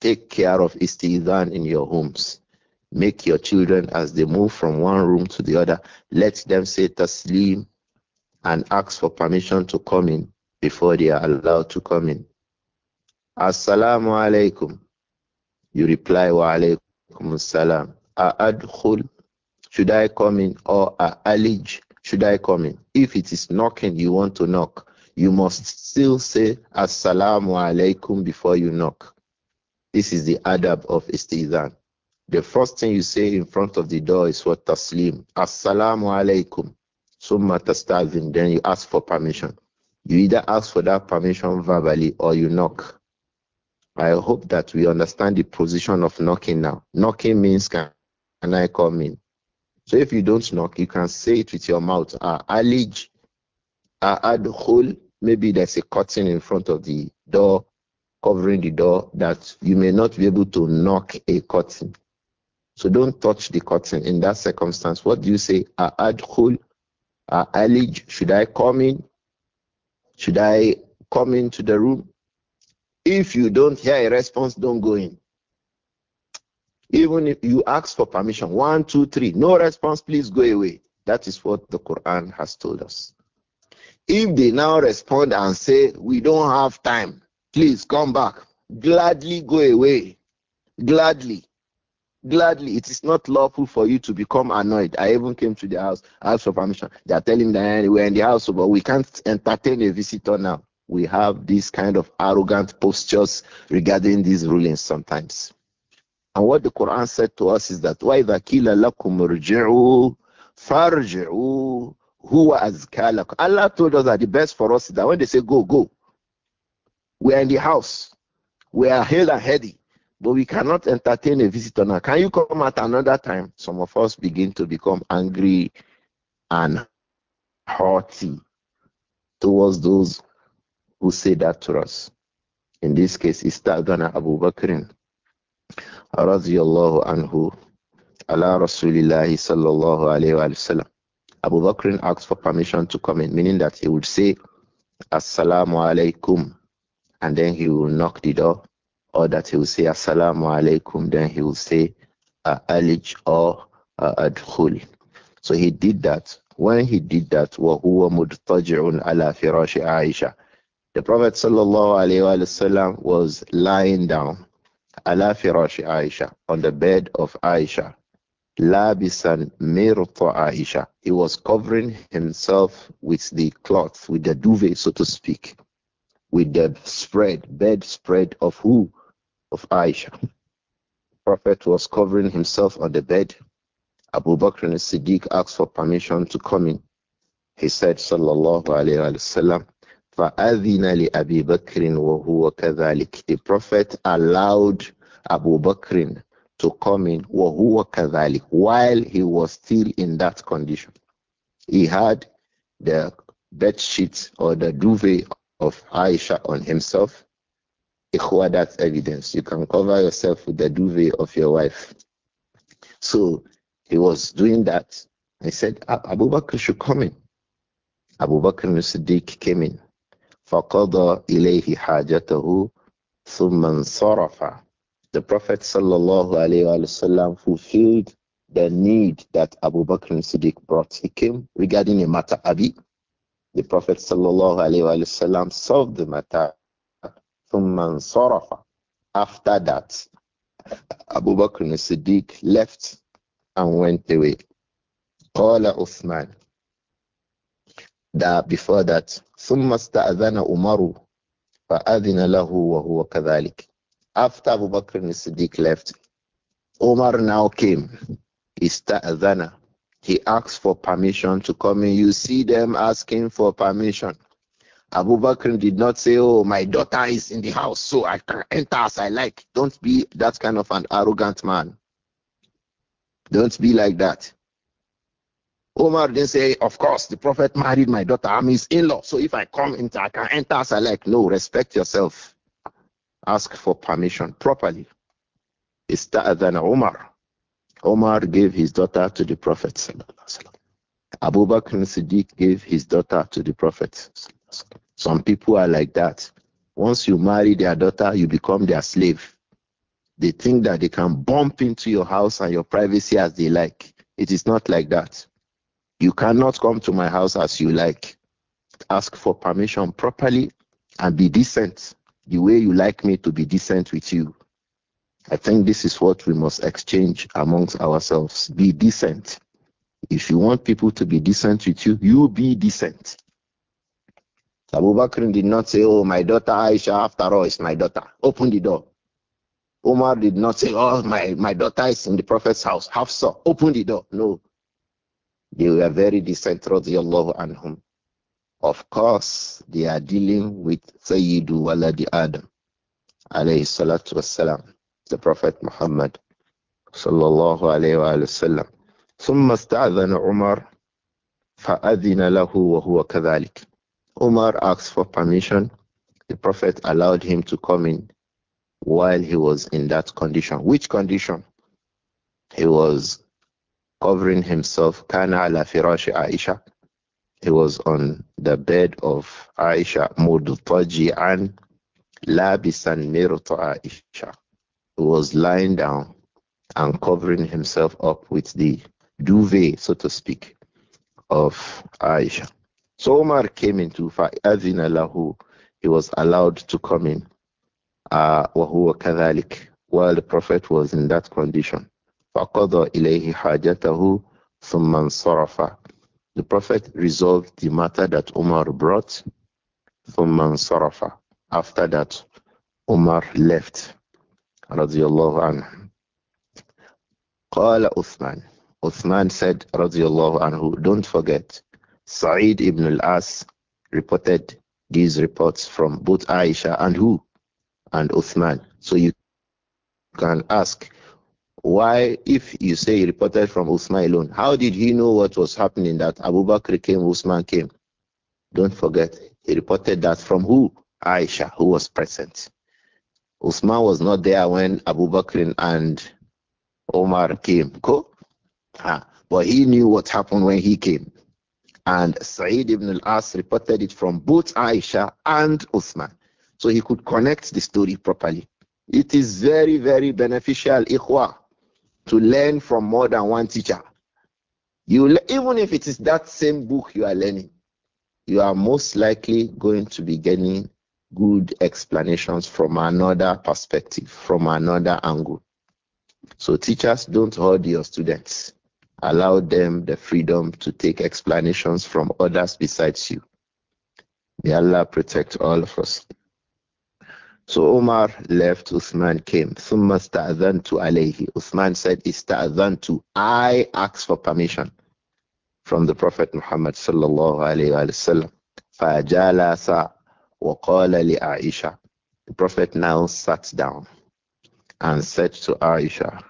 Take care of istidhan in your homes. Make your children, as they move from one room to the other, let them say taslim and ask for permission to come in before they are allowed to come in. Assalamu alaikum. You reply wa alaikum assalam. A'adkhul. Should I come in or a'alij? Should I come in? If it is knocking, you want to knock. You must still say Assalamu alaikum before you knock. This is the adab of istizan. The first thing you say in front of the door is what taslim. Assalamu alaikum. Summa tastazim. Then you ask for permission. You either ask for that permission verbally or you knock. I hope that we understand the position of knocking now. Knocking means can, can I come in? So if you don't knock, you can say it with your mouth. Uh, alij, uh, hole. Maybe there's a curtain in front of the door, covering the door, that you may not be able to knock a curtain. So don't touch the curtain in that circumstance. What do you say? Uh, hole? uh, alij. Should I come in? Should I come into the room? If you don't hear a response, don't go in. Even if you ask for permission, one, two, three, no response, please go away. That is what the Quran has told us. If they now respond and say, We don't have time, please come back, gladly go away. Gladly. Gladly. It is not lawful for you to become annoyed. I even came to the house, asked for permission. They are telling me we're in the house, but we can't entertain a visitor now. We have these kind of arrogant postures regarding these rulings sometimes. And what the Quran said to us is that وَإِذَا كِيلَ lakum ارْجِعُوا فَارْجِعُوا هُوَ أَزْكَى Allah told us that the best for us is that when they say go, go. We are in the house. We are hale and heady but we cannot entertain a visitor now. Can you come at another time? Some of us begin to become angry and haughty towards those who say that to us. In this case, it's Abu Bakr radiallahu anhu ala Rasulillah sallallahu alayhi wa sallam. Abu Bakr asked for permission to come in, meaning that he would say, Assalamu alaikum, and then he will knock the door, or that he will say, Assalamu alaikum, then he will say, Alij or Adkhul. So he did that. When he did that, وَهُوَ مُدْتَجِعٌ عَلَى فِرَاشِ Aisha, The Prophet sallallahu alayhi wa sallam was lying down ala firashi Aisha, on the bed of Aisha. Labisan mirta Aisha. He was covering himself with the cloth, with the duvet, so to speak, with the spread, bed spread of who? Of Aisha. Prophet was covering himself on the bed. Abu Bakr and Siddiq asked for permission to come in. He said, Sallallahu Alaihi Wasallam, فَأَذِنَ لِأَبِي بَكْرٍ وَهُوَ كَذَلِكَ The Prophet allowed Abu Bakr to come in while he was still in that condition. He had the bed sheet or the duvet of Aisha on himself. Ikhwa, that's evidence. You can cover yourself with the duvet of your wife. So he was doing that. He said, ah, Abu Bakr should come in. Abu Bakr al-Siddiq came in. فَقَضَى إِلَيْهِ حَاجَتَهُ ثُمَّ انصَرَفَ the Prophet وسلم, fulfilled the need that Abu Bakr and Siddiq brought. He came regarding a matter, Abi. The Prophet وسلم, solved the matter. After that, Abu Bakr and Siddiq left and went away. Qala Uthman. That before that, ثم استأذن عمر فأذن له وهو كذلك. After Abu Bakr and Siddiq left, Omar now came. He started he asked for permission to come in. You see them asking for permission. Abu Bakr did not say, Oh, my daughter is in the house, so I can enter as I like. Don't be that kind of an arrogant man. Don't be like that. Omar didn't say, Of course, the Prophet married my daughter. I'm his in law, so if I come in, I can enter as I like. No, respect yourself ask for permission properly. than Umar. Umar gave his daughter to the Prophet. Abu Bakr Siddiq gave his daughter to the Prophet. Some people are like that. Once you marry their daughter, you become their slave. They think that they can bump into your house and your privacy as they like. It is not like that. You cannot come to my house as you like. Ask for permission properly and be decent the way you like me to be decent with you. I think this is what we must exchange amongst ourselves. Be decent. If you want people to be decent with you, you be decent. Abu Bakr did not say, Oh, my daughter Aisha, after all, is my daughter. Open the door. Omar did not say, Oh, my, my daughter is in the Prophet's house. Hafsa, open the door. No. They were very decent, radiallahu anhum. Of course, they are dealing with Sayyidu Waladi Adam, alayhi salatu wassalam, the Prophet Muhammad, sallallahu alayhi wa sallam. ثم استأذن عمر فأذن له وهو كذلك. Umar asked for permission. The Prophet allowed him to come in while he was in that condition. Which condition? He was covering himself. كان على فراش عائشة he was on the bed of Aisha Mudtaji'an Labisan Mirta Aisha. He was lying down and covering himself up with the duvet, so to speak, of Aisha. So Omar came into Fa'adina Lahu. He was allowed to come in. Uh, While the Prophet was in that condition. فَقَضَى إِلَيْهِ حَاجَتَهُ ثُمَّ انصَرَفَ the Prophet resolved the matter that Umar brought from Mansarafa. After that, Umar left. Radiallahu anhu. Qala Uthman. Uthman said, Radiallahu anhu, don't forget, Sa'id ibn al-As reported these reports from both Aisha and who? And Uthman. So you can ask, why, if you say he reported from Uthman alone, how did he know what was happening that Abu Bakr came, Uthman came? Don't forget, he reported that from who? Aisha, who was present. Uthman was not there when Abu Bakr and Omar came. Cool? Ah, but he knew what happened when he came. And Sa'id ibn al-As reported it from both Aisha and Uthman. So he could connect the story properly. It is very, very beneficial, ikhwah to learn from more than one teacher. You even if it is that same book you are learning, you are most likely going to be getting good explanations from another perspective, from another angle. So teachers don't hold your students. Allow them the freedom to take explanations from others besides you. May Allah protect all of us. So Omar left, Uthman came. Thumma sta'adhantu alayhi. Uthman said, Ista'adhantu. I ask for permission from the Prophet Muhammad sallallahu alayhi wa sallam. Fajalasa wa qala li Aisha. The Prophet now sat down and said to Aisha,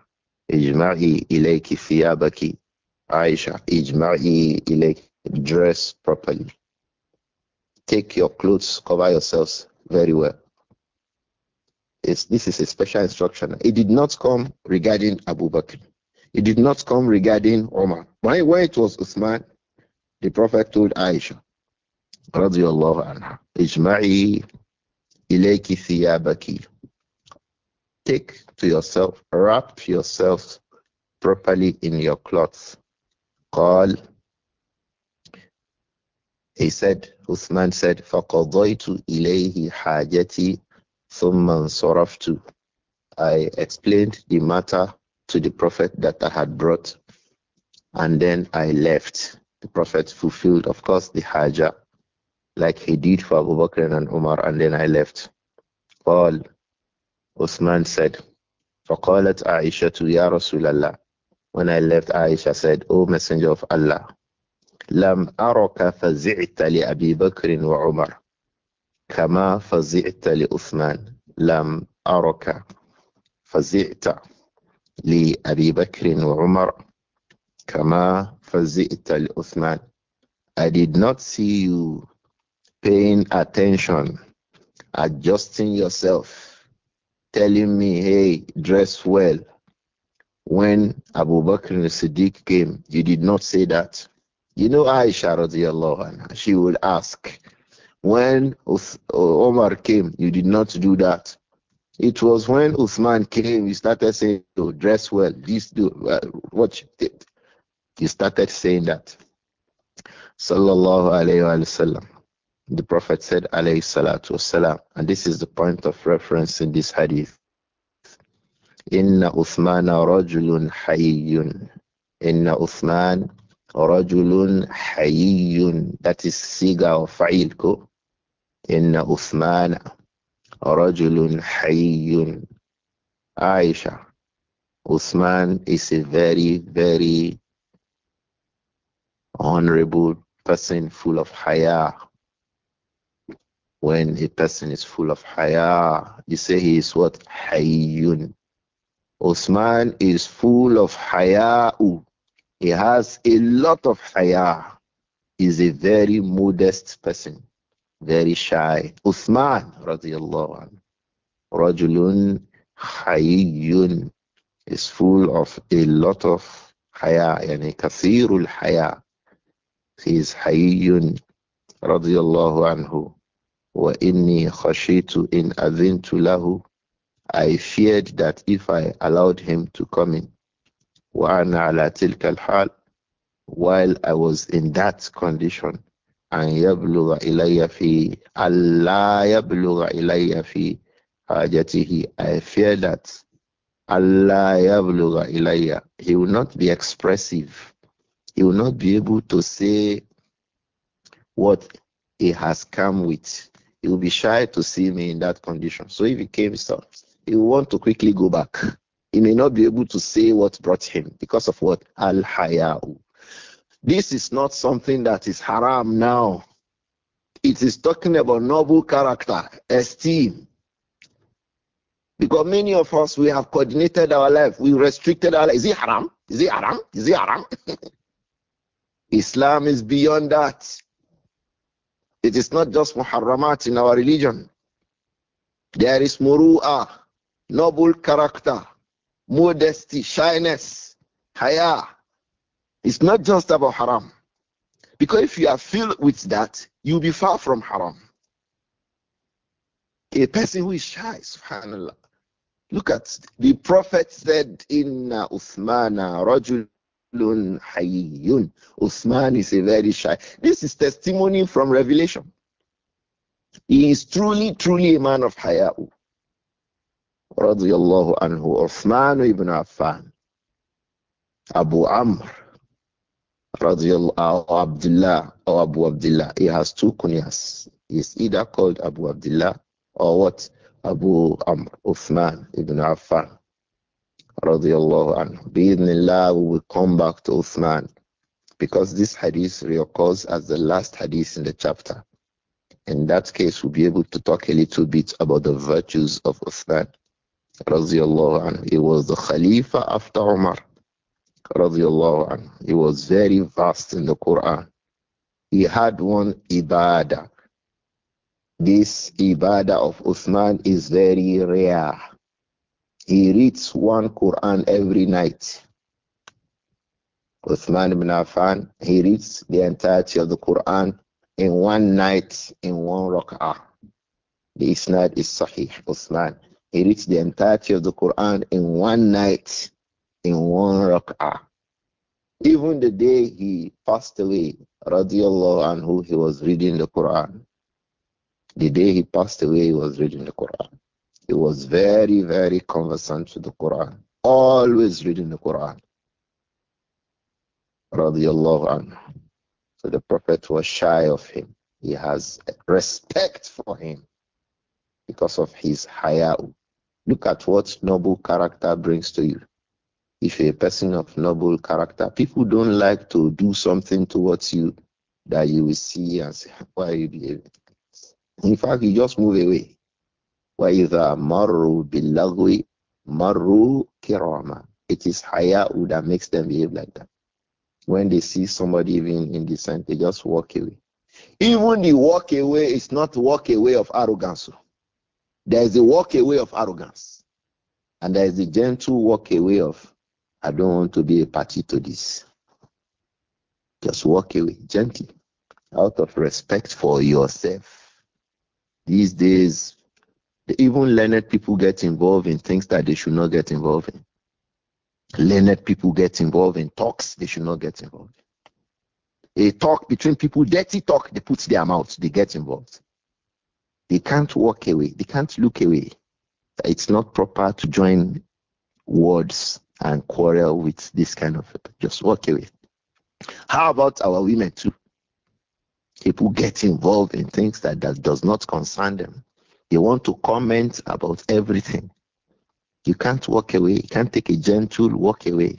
Ijma'i ilayki thiyabaki. Aisha, ijma'i ilayki. Dress properly. Take your clothes, cover yourselves very well is this is a special instruction. It did not come regarding Abu Bakr. It did not come regarding Omar. When, when it was Uthman, the Prophet told Aisha, radiallahu anha, Ijma'i ilayki thiyabaki. Take to yourself, wrap yourself properly in your clothes. Call. He said, Uthman said, فَقَضَيْتُ إِلَيْهِ حَاجَتِي Thumman too, I explained the matter to the Prophet that I had brought, and then I left. The Prophet fulfilled, of course, the Hajj like he did for Abu Bakr and Umar, and then I left. All Usman said, فقالت عائشة يا رسول الله When I left, Aisha said, O Messenger of Allah, لم أرك فزعت لأبي بكر وعمر كما فزعت لعثمان لم أرك فزعت لأبي بكر وعمر كما فزعت لعثمان I did not see you paying attention, adjusting yourself, telling me, hey, dress well. When Abu Bakr and Siddiq came, you did not say that. You know Aisha radiallahu anha, she would ask, when Omar came, you did not do that. It was when Usman came, you started saying, oh, dress well, this, do, uh, what you did. You started saying that. Sallallahu alayhi wa sallam. The Prophet said, alayhi salatu wasalam. And this is the point of reference in this hadith. Inna Uthmana rajulun hayyun. Inna Uthman رجل hayyun that is siga of fa'il ko إن عثمان رجل حيي Aisha Uthman is a very very honorable person full of haya when a person is full of haya you say he is what hayyun Uthman is full of haya'u he has a lot of haya. He's a very modest person, very shy. Uthman radiallahu anhu. Rajulun Hayyun is full of a lot of haya, yani kathirul haya. He is Hayyun radiallahu anhu. Wa inni khashitu in adhintu lahu. I feared that if I allowed him to come in, وأنا على تلك الحال while I was in that condition أن يبلغ إلي في ألا يبلغ إلي في حاجته I fear that Allah يبلغ إلي he will not be expressive he will not be able to say what he has come with he will be shy to see me in that condition so if he came so he will want to quickly go back he may not be able to say what brought him because of what? Al Hayau. This is not something that is haram now. It is talking about noble character, esteem. Because many of us, we have coordinated our life. We restricted our life. Is it haram? Is it haram? Is it haram? Islam is beyond that. It is not just muharramat in our religion. There is muru'ah, noble character modesty, shyness, haya. It's not just about haram. Because if you are filled with that, you'll be far from haram. A person who is shy, subhanAllah. Look at the Prophet said, in Usman, Rajulun Hayyun. Uthman is a very shy. This is testimony from Revelation. He is truly, truly a man of haya. رضي الله عنه عثمان ibn Affan Abu Amr رضي الله or Abdullah or Abu Abdullah he has two kunyas he's either called Abu Abdullah or what Abu Amr Uthman ibn Affan radiallahu anhu. Bismillah, we will come back to Uthman because this hadith reoccurs as the last hadith in the chapter. In that case, we'll be able to talk a little bit about the virtues of Uthman radiallahu anhu. He was the Khalifa after Umar radiallahu anhu. He was very vast in the Quran. He had one ibadah. This ibadah of Uthman is very rare. He reads one Quran every night. Uthman ibn Affan, he reads the entirety of the Quran in one night, in one rak'ah. The isnad is sahih, Uthman he reached the entirety of the Quran in one night, in one rak'ah. Even the day he passed away, radiallahu anhu, he was reading the Quran. The day he passed away, he was reading the Quran. He was very, very conversant with the Quran, always reading the Quran. Radiallahu anhu. So the Prophet was shy of him. He has respect for him because of his higher. Look at what noble character brings to you. If you're a person of noble character, people don't like to do something towards you that you will see as Why are you behaving? In fact, you just move away. Why that? Maru bilagui, maru kirama? It is higher that makes them behave like that. When they see somebody even indecent, they just walk away. Even the walk away is not walk away of arrogance. There is a walk away of arrogance, and there is a gentle walk away of, I don't want to be a party to this. Just walk away gently out of respect for yourself. These days, even learned people get involved in things that they should not get involved in. Learned people get involved in talks they should not get involved in. A talk between people, dirty talk, they put their mouth, they get involved. They can't walk away. They can't look away. It's not proper to join words and quarrel with this kind of just walk away. How about our women too? People get involved in things that, that does not concern them. They want to comment about everything. You can't walk away. You can't take a gentle walk away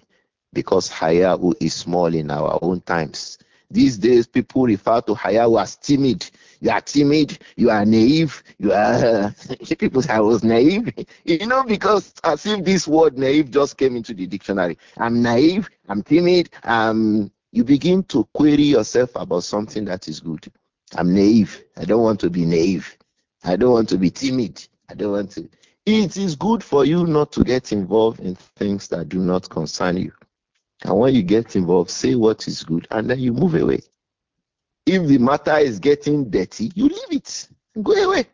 because Hayahu is small in our own times. These days, people refer to Hayahu as timid you are timid, you are naive, you are. people say I was naive, you know, because as if this word naive just came into the dictionary. I'm naive, I'm timid, um, you begin to query yourself about something that is good. I'm naive, I don't want to be naive, I don't want to be timid, I don't want to. It is good for you not to get involved in things that do not concern you. And when you get involved, say what is good, and then you move away. If the matter is getting dirty, you leave it. Go away.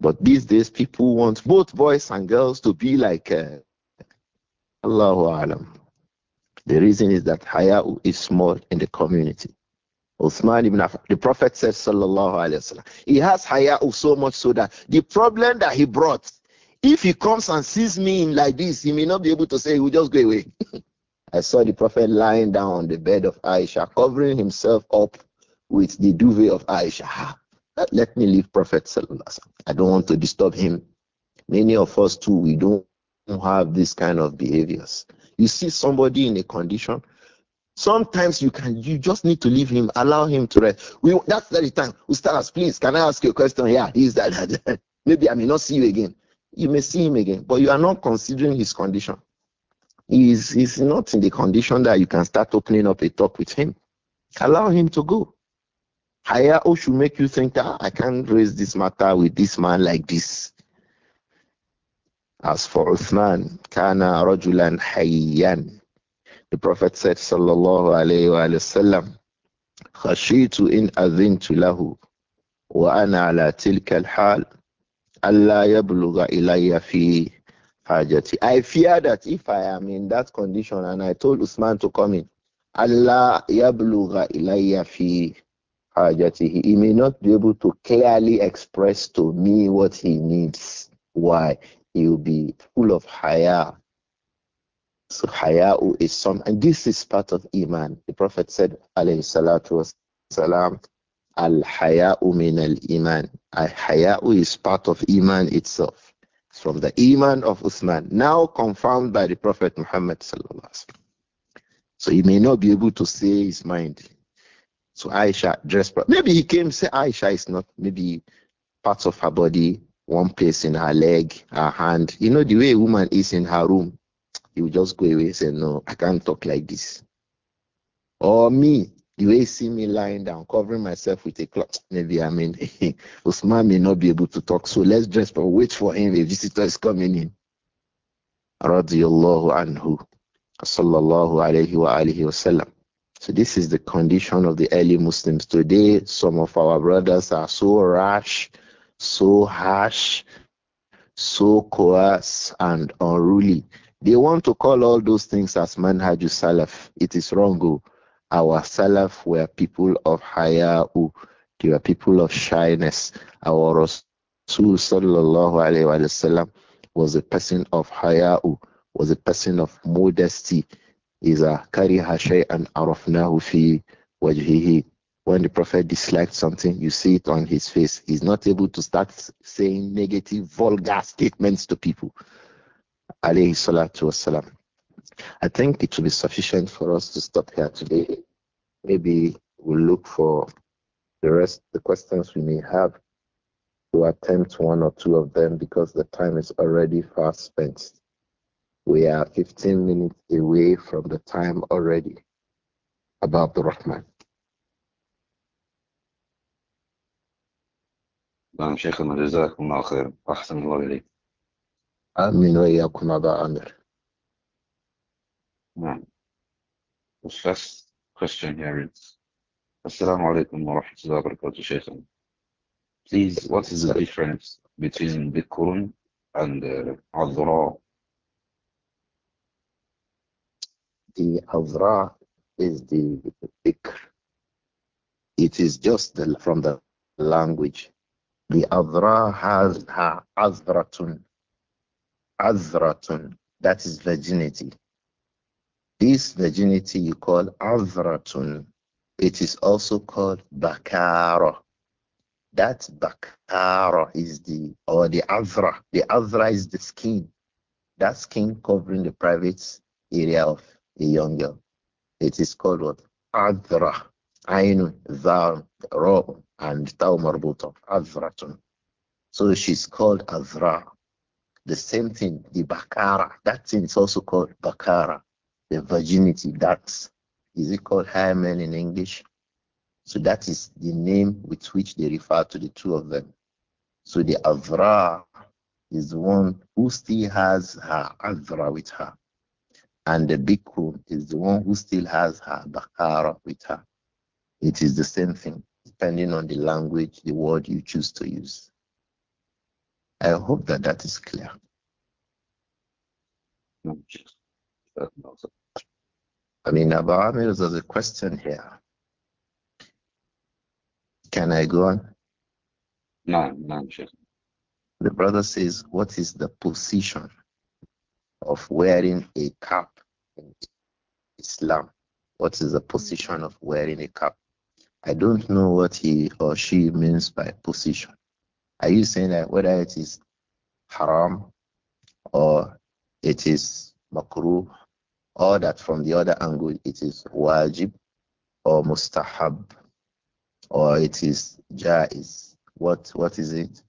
But these days, people want both boys and girls to be like uh, Allahu Alam. The reason is that haya is small in the community. Uthman ibn Affan, the Prophet said, Sallallahu Alaihi Wasallam, he has haya so much so that the problem that he brought, if he comes and sees me in like this, he may not be able to say, he will just go away. I saw the Prophet lying down on the bed of Aisha, covering himself up with the duvet of Aisha. Let me leave Prophet. I don't want to disturb him. Many of us, too, we don't have this kind of behaviors. You see somebody in a condition, sometimes you can you just need to leave him, allow him to rest. We that's the time. Ustaz, please, can I ask you a question? Yeah, he's that. that. Maybe I may not see you again. You may see him again, but you are not considering his condition is is not in the condition that you can start opening up a talk with him. Allow him to go. Higher O should make you think that ah, I can't raise this matter with this man like this. As for Uthman, Kana Rajulan Hayyan. The Prophet said, Sallallahu Alaihi Wasallam, Khashitu in adhintu lahu, wa ana ala tilka al-hal, alla yablugha ilayya fi hajati. I fear that if I am in that condition and I told Usman to come in, Allah yabluga ilayya fi hajatihi. He may not be able to clearly express to me what he needs. Why? He will be full of haya. So haya is some, and this is part of iman. The Prophet said, alayhi salatu wasalam, al haya min al iman. Al haya'u is part of iman itself from the Iman of Uthman, now confirmed by the Prophet Muhammad. So he may not be able to say his mind. So Aisha dressed. Maybe he came say Aisha is not. Maybe parts of her body, one place in her leg, her hand. You know the way a woman is in her room. He will just go away and say, "No, I can't talk like this." Or me, you way see me lying down, covering myself with a cloth, maybe I mean, Usman may not be able to talk. So let's just wait for him. A visitor is coming in. Radiallahu anhu. Sallallahu alayhi wa So this is the condition of the early Muslims. Today, some of our brothers are so rash, so harsh, so coarse and unruly. They want to call all those things as manhaju salaf. It is wrong. Oh. Our Salaf were people of haya'u. They were people of shyness. Our Rasul sallallahu alayhi wa sallam was a person of haya'u, was a person of modesty. إذا كره شيئا arafnahu fi wajhihi. when the prophet disliked something, you see it on his face. He's not able to start saying negative, vulgar statements to people. Alayhi salatu wasalam. I think it will be sufficient for us to stop here today. Maybe we'll look for the rest, the questions we may have to attempt one or two of them because the time is already fast spent. We are 15 minutes away from the time already. About the Rahman. نعم now, the first question here is Assalamu alaikum wa rahmatullahi wa barakatuh, Please, what is the difference between Bikurun and uh, Azra? The Azra is the Bikr. It is just from the language. The Azra has her azra Azratun, that is virginity. This virginity you call avratun. It is also called bakara. That bakara is the or the avra. The avra is the skin. That skin covering the private area of a young girl. It is called what? Adra. Ainu, Zal, Ro, and Tau Marbuta. Avratun. So she's called Azra. The same thing, the Bakara. That thing is also called Bakara the virginity. That's is it called hymen in English? So that is the name with which they refer to the two of them. So the Avra is the one who still has her Avra with her. And the Bikru is the one who still has her Bakara with her. It is the same thing, depending on the language, the word you choose to use. I hope that that is clear. No, uh, I mean, Abu there's a question here. Can I go on? No, no, sure. The brother says, What is the position of wearing a cap in Islam? What is the position of wearing a cap? I don't know what he or she means by position. Are you saying that whether it is haram or it is makruh or that from the other angle it is wajib or mustahab or it is jaiz. What what is it?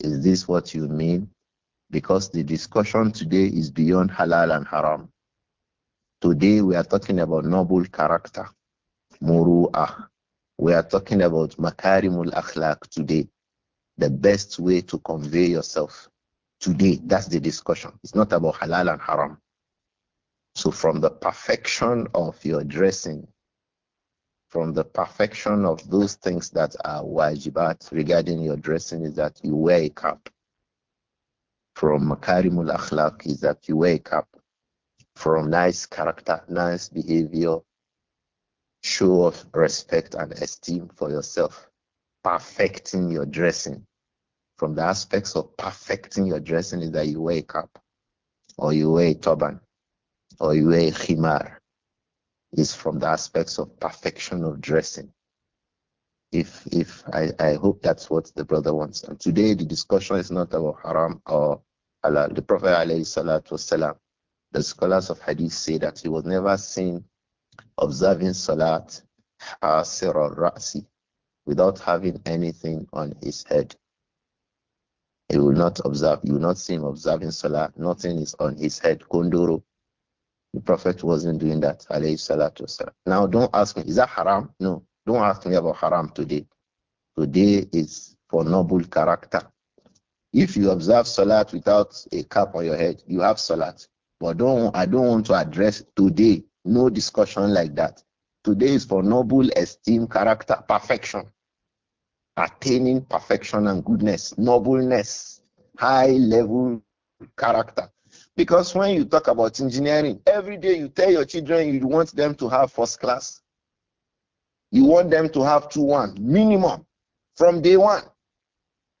Is this what you mean? Because the discussion today is beyond halal and haram. Today we are talking about noble character, muru'ah. We are talking about makarimul akhlaq today, the best way to convey yourself today. That's the discussion. It's not about halal and haram. So, from the perfection of your dressing, from the perfection of those things that are wajibat regarding your dressing, is that you wear a cap. From makarimul akhlaq, is that you wear a cap. From nice character, nice behavior, show of respect and esteem for yourself, perfecting your dressing. From the aspects of perfecting your dressing is that you wear a cap or you wear a turban or you wear a khimar is from the aspects of perfection of dressing. If if I, I hope that's what the brother wants. And today the discussion is not about haram or halal. The Prophet والسلام, the scholars of hadith say that he was never seen observing salat hasir or rasi without having anything on his head. He will not observe, you will not see him observing salah, nothing is on his head, kondoro, the Prophet wasn't doing that. Now, don't ask me, is that haram? No. Don't ask me about haram today. Today is for noble character. If you observe salat without a cap on your head, you have salat. But don't I don't want to address today. No discussion like that. Today is for noble esteem, character, perfection, attaining perfection and goodness, nobleness, high level character. Because when you talk about engineering, every day you tell your children you want them to have first class. You want them to have 2 1 minimum from day one.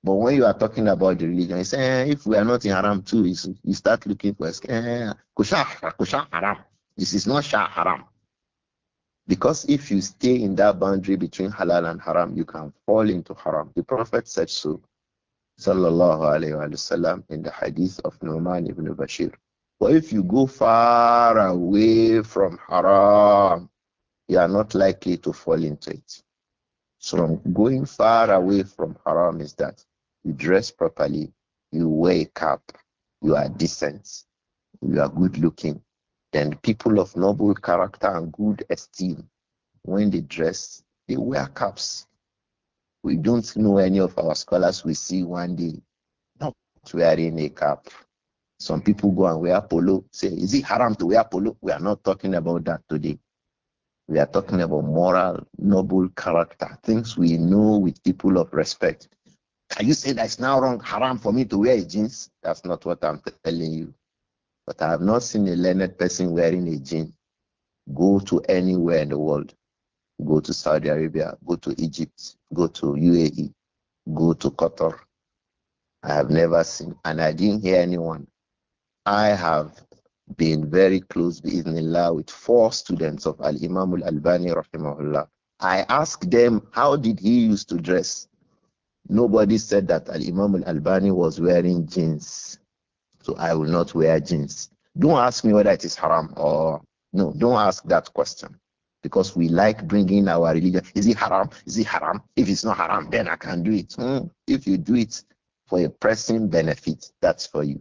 But when you are talking about the religion, you say, eh, if we are not in haram too, you start looking for eh, kusha haram. This is not shah haram. Because if you stay in that boundary between halal and haram, you can fall into haram. The Prophet said so sallallahu alayhi wasallam, in the hadith of Numan ibn Bashir. But if you go far away from haram, you are not likely to fall into it. So going far away from haram is that you dress properly, you wake up, you are decent, you are good looking. Then people of noble character and good esteem, when they dress, they wear caps. We don't know any of our scholars we see one day not wearing a cap. Some people go and wear polo. Say, is it haram to wear polo? We are not talking about that today. We are talking about moral, noble character, things we know with people of respect. Can you say that it's now wrong, haram for me to wear jeans? That's not what I'm telling you. But I have not seen a learned person wearing a jean go to anywhere in the world. Go to Saudi Arabia, go to Egypt, go to UAE, go to Qatar. I have never seen, and I didn't hear anyone. I have been very close, bi'idhnillah, with four students of Al Imam Al Albani, rahimahullah. I asked them, how did he used to dress? Nobody said that Al Imam Al Albani was wearing jeans. So I will not wear jeans. Don't ask me whether it is haram or no, don't ask that question because we like bringing our religion. Is it haram? Is it haram? If it's not haram, then I can do it. Hmm. If you do it for a pressing benefit, that's for you.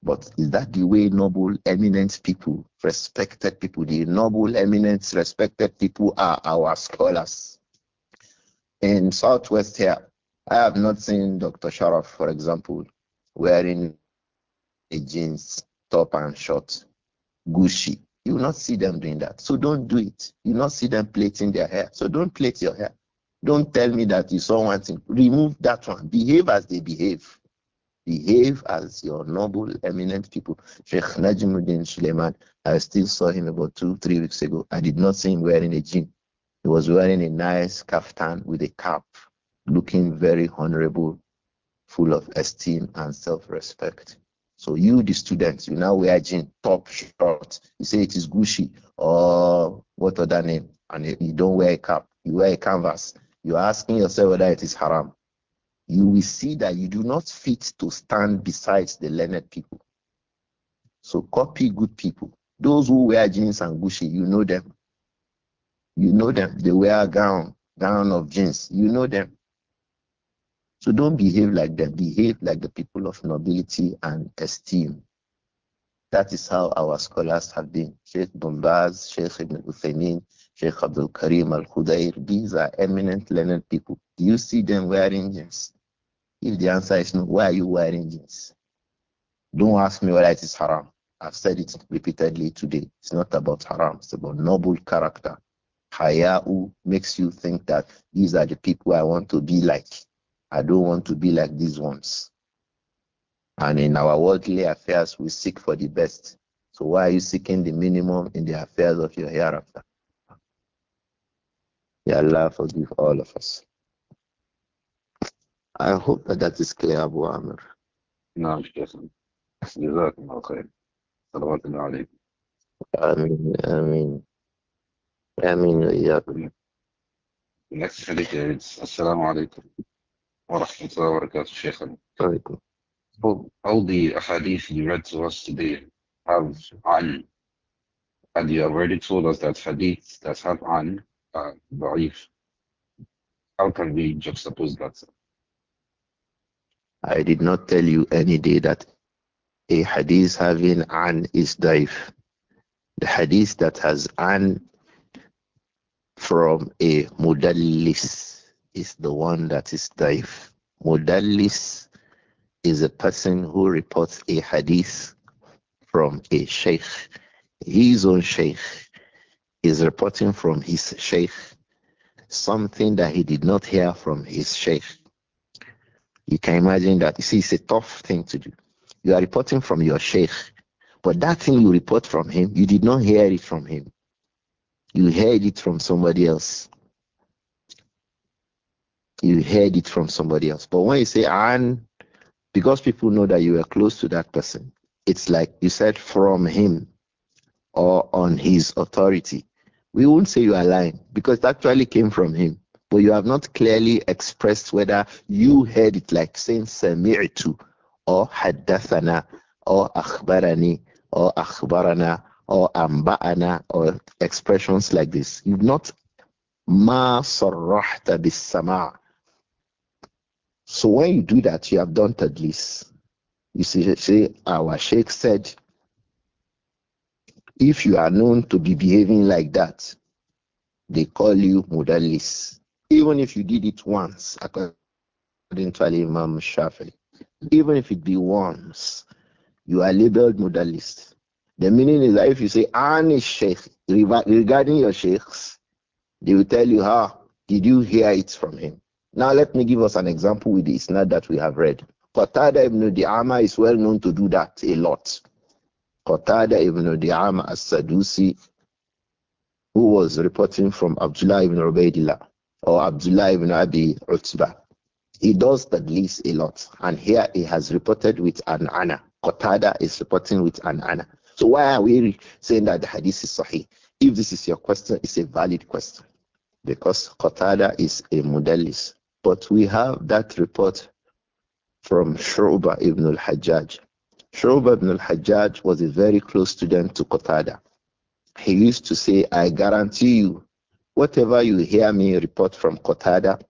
But is that the way noble, eminent people, respected people, the noble, eminent, respected people are our scholars? In Southwest here, I have not seen Dr. Sharaf, for example, wearing a jeans top and short, Gucci. You will not see them doing that. So don't do it. You will not see them plaiting their hair. So don't plait your hair. Don't tell me that you saw one thing. Remove that one. Behave as they behave. Behave as your noble, eminent people. Sheikh Najimuddin Suleiman, I still saw him about two, three weeks ago. I did not see him wearing a jean. He was wearing a nice kaftan with a cap, looking very honorable, full of esteem and self respect. So you, the students, you now wear jean, top short. You say it is Gucci or what other name, and you don't wear a cap. You wear a canvas. You are asking yourself whether it is haram. You will see that you do not fit to stand besides the learned people. So copy good people. Those who wear jeans and Gucci, you know them. You know them. They wear gown, gown of jeans. You know them. So don't behave like them. Behave like the people of nobility and esteem. That is how our scholars have been. Sheikh Bombaz, Sheikh Ibn Uthaymeen, Sheikh Abdul Karim Al Khudair. These are eminent learned people. Do you see them wearing jeans? If the answer is no, why are you wearing jeans? Don't ask me whether it is haram. I've said it repeatedly today. It's not about haram, it's about noble character. Hayau makes you think that these are the people I want to be like. I don't want to be like these ones. And in our worldly affairs, we seek for the best. So why are you seeking the minimum in the affairs of your hereafter? May Allah forgive all of us. I hope that that is clear, Abu Amr. نعم شكرا جزاكم الله خير صلوات الله عليكم آمين آمين آمين yeah. Next, Assalamu عليكم ورحمة الله وبركاته شيخنا all the hadith you read to us today have an and you have already told us that hadith that have an are da'if. How can we juxtapose that? I did not tell you any day that a hadith having an is da'if. The hadith that has an from a mudallis is the one that is daif. Mudallis is a person who reports a hadith from a sheikh. His own sheikh is reporting from his sheikh something that he did not hear from his sheikh. You can imagine that. You see, it's a tough thing to do. You are reporting from your sheikh, but that thing you report from him, you did not hear it from him. You heard it from somebody else you heard it from somebody else. But when you say and, because people know that you are close to that person, it's like you said from him or on his authority. We won't say you are lying because it actually came from him. But you have not clearly expressed whether you heard it like saying sami'tu or haddathana or akhbarani or akhbarana or amba'ana or expressions like this. You've not ma sarrahta bis sama' So when you do that, you have done least. You see, our sheikh said, if you are known to be behaving like that, they call you mudallis. Even if you did it once, according to Imam Shafi, even if it be once, you are labeled modalist. The meaning is that if you say any sheikh regarding your sheikhs, they will tell you, how ah, did you hear it from him? Now let me give us an example with the isnad that we have read. Qatada ibn Di'ama is well known to do that a lot. Qatada ibn Di'ama as-Sadusi, who was reporting from Abdullah ibn Ubaidillah or Abdullah ibn Abi Utbah. He does that list a lot. And here he has reported with an ana. Qatada is reporting with an ana. So why are we saying that the hadith is sahih? If this is your question, it's a valid question. Because Qatada is a modelist. But we have that report from Shu'ba ibn al-Hajjaj. Shu'ba ibn al-Hajjaj was a very close student to Qatada. He used to say, I guarantee you, whatever you hear me report from Qatada,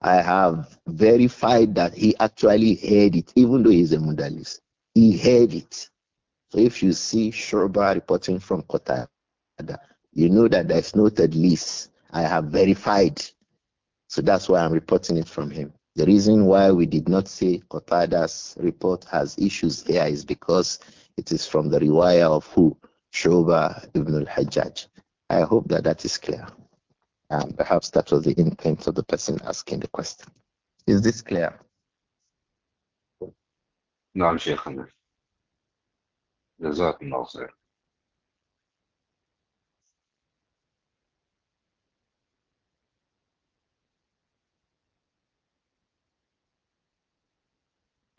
I have verified that he actually heard it, even though he's a Mudalist. He heard it. So if you see Shu'ba reporting from Qatada, you know that there's no third list. I have verified so that's why I'm reporting it from him. The reason why we did not see Qatada's report has issues here is because it is from the rewire of who? Shoba ibn al-Hajjaj. I hope that that is clear. And perhaps that was the intent of the person asking the question. Is this clear? No, I'm sure. جزاكم الله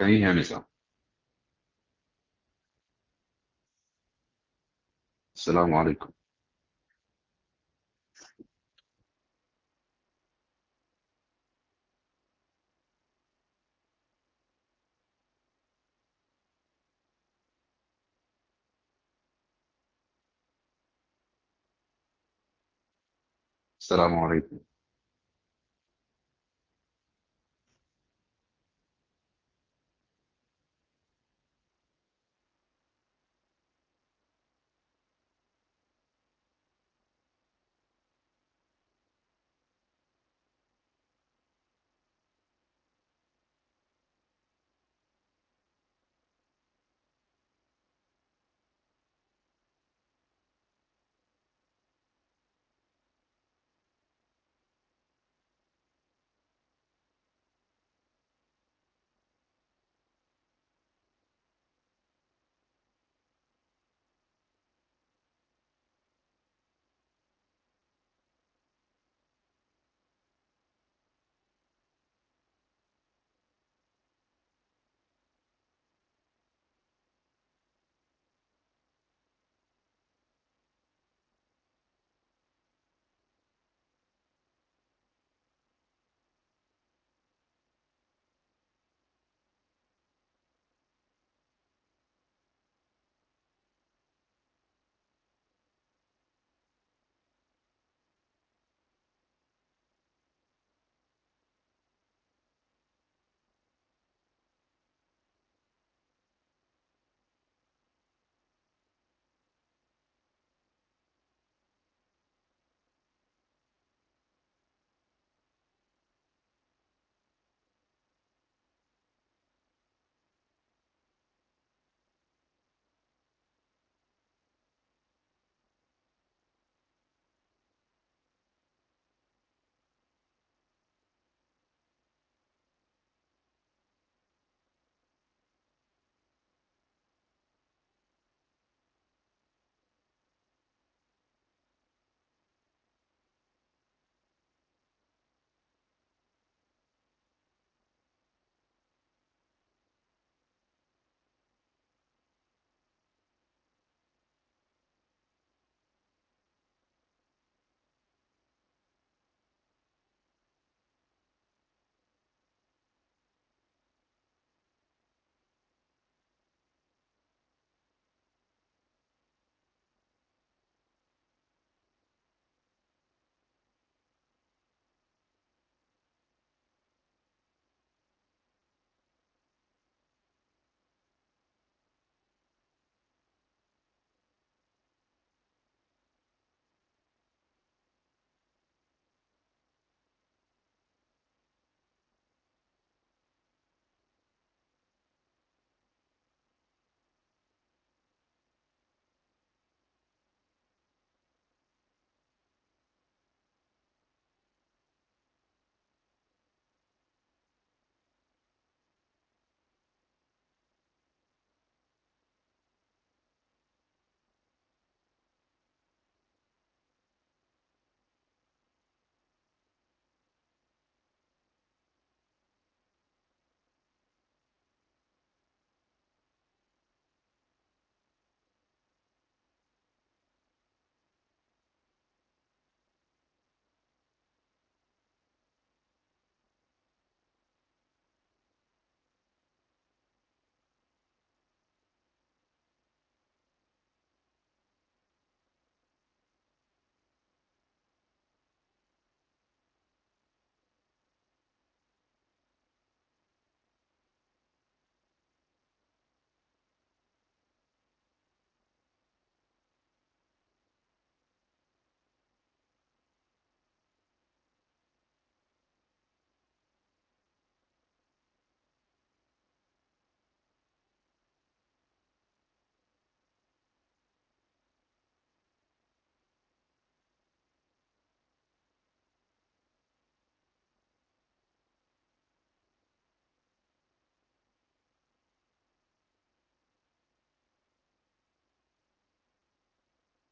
Penny Hamilton السلام عليكم السلام عليكم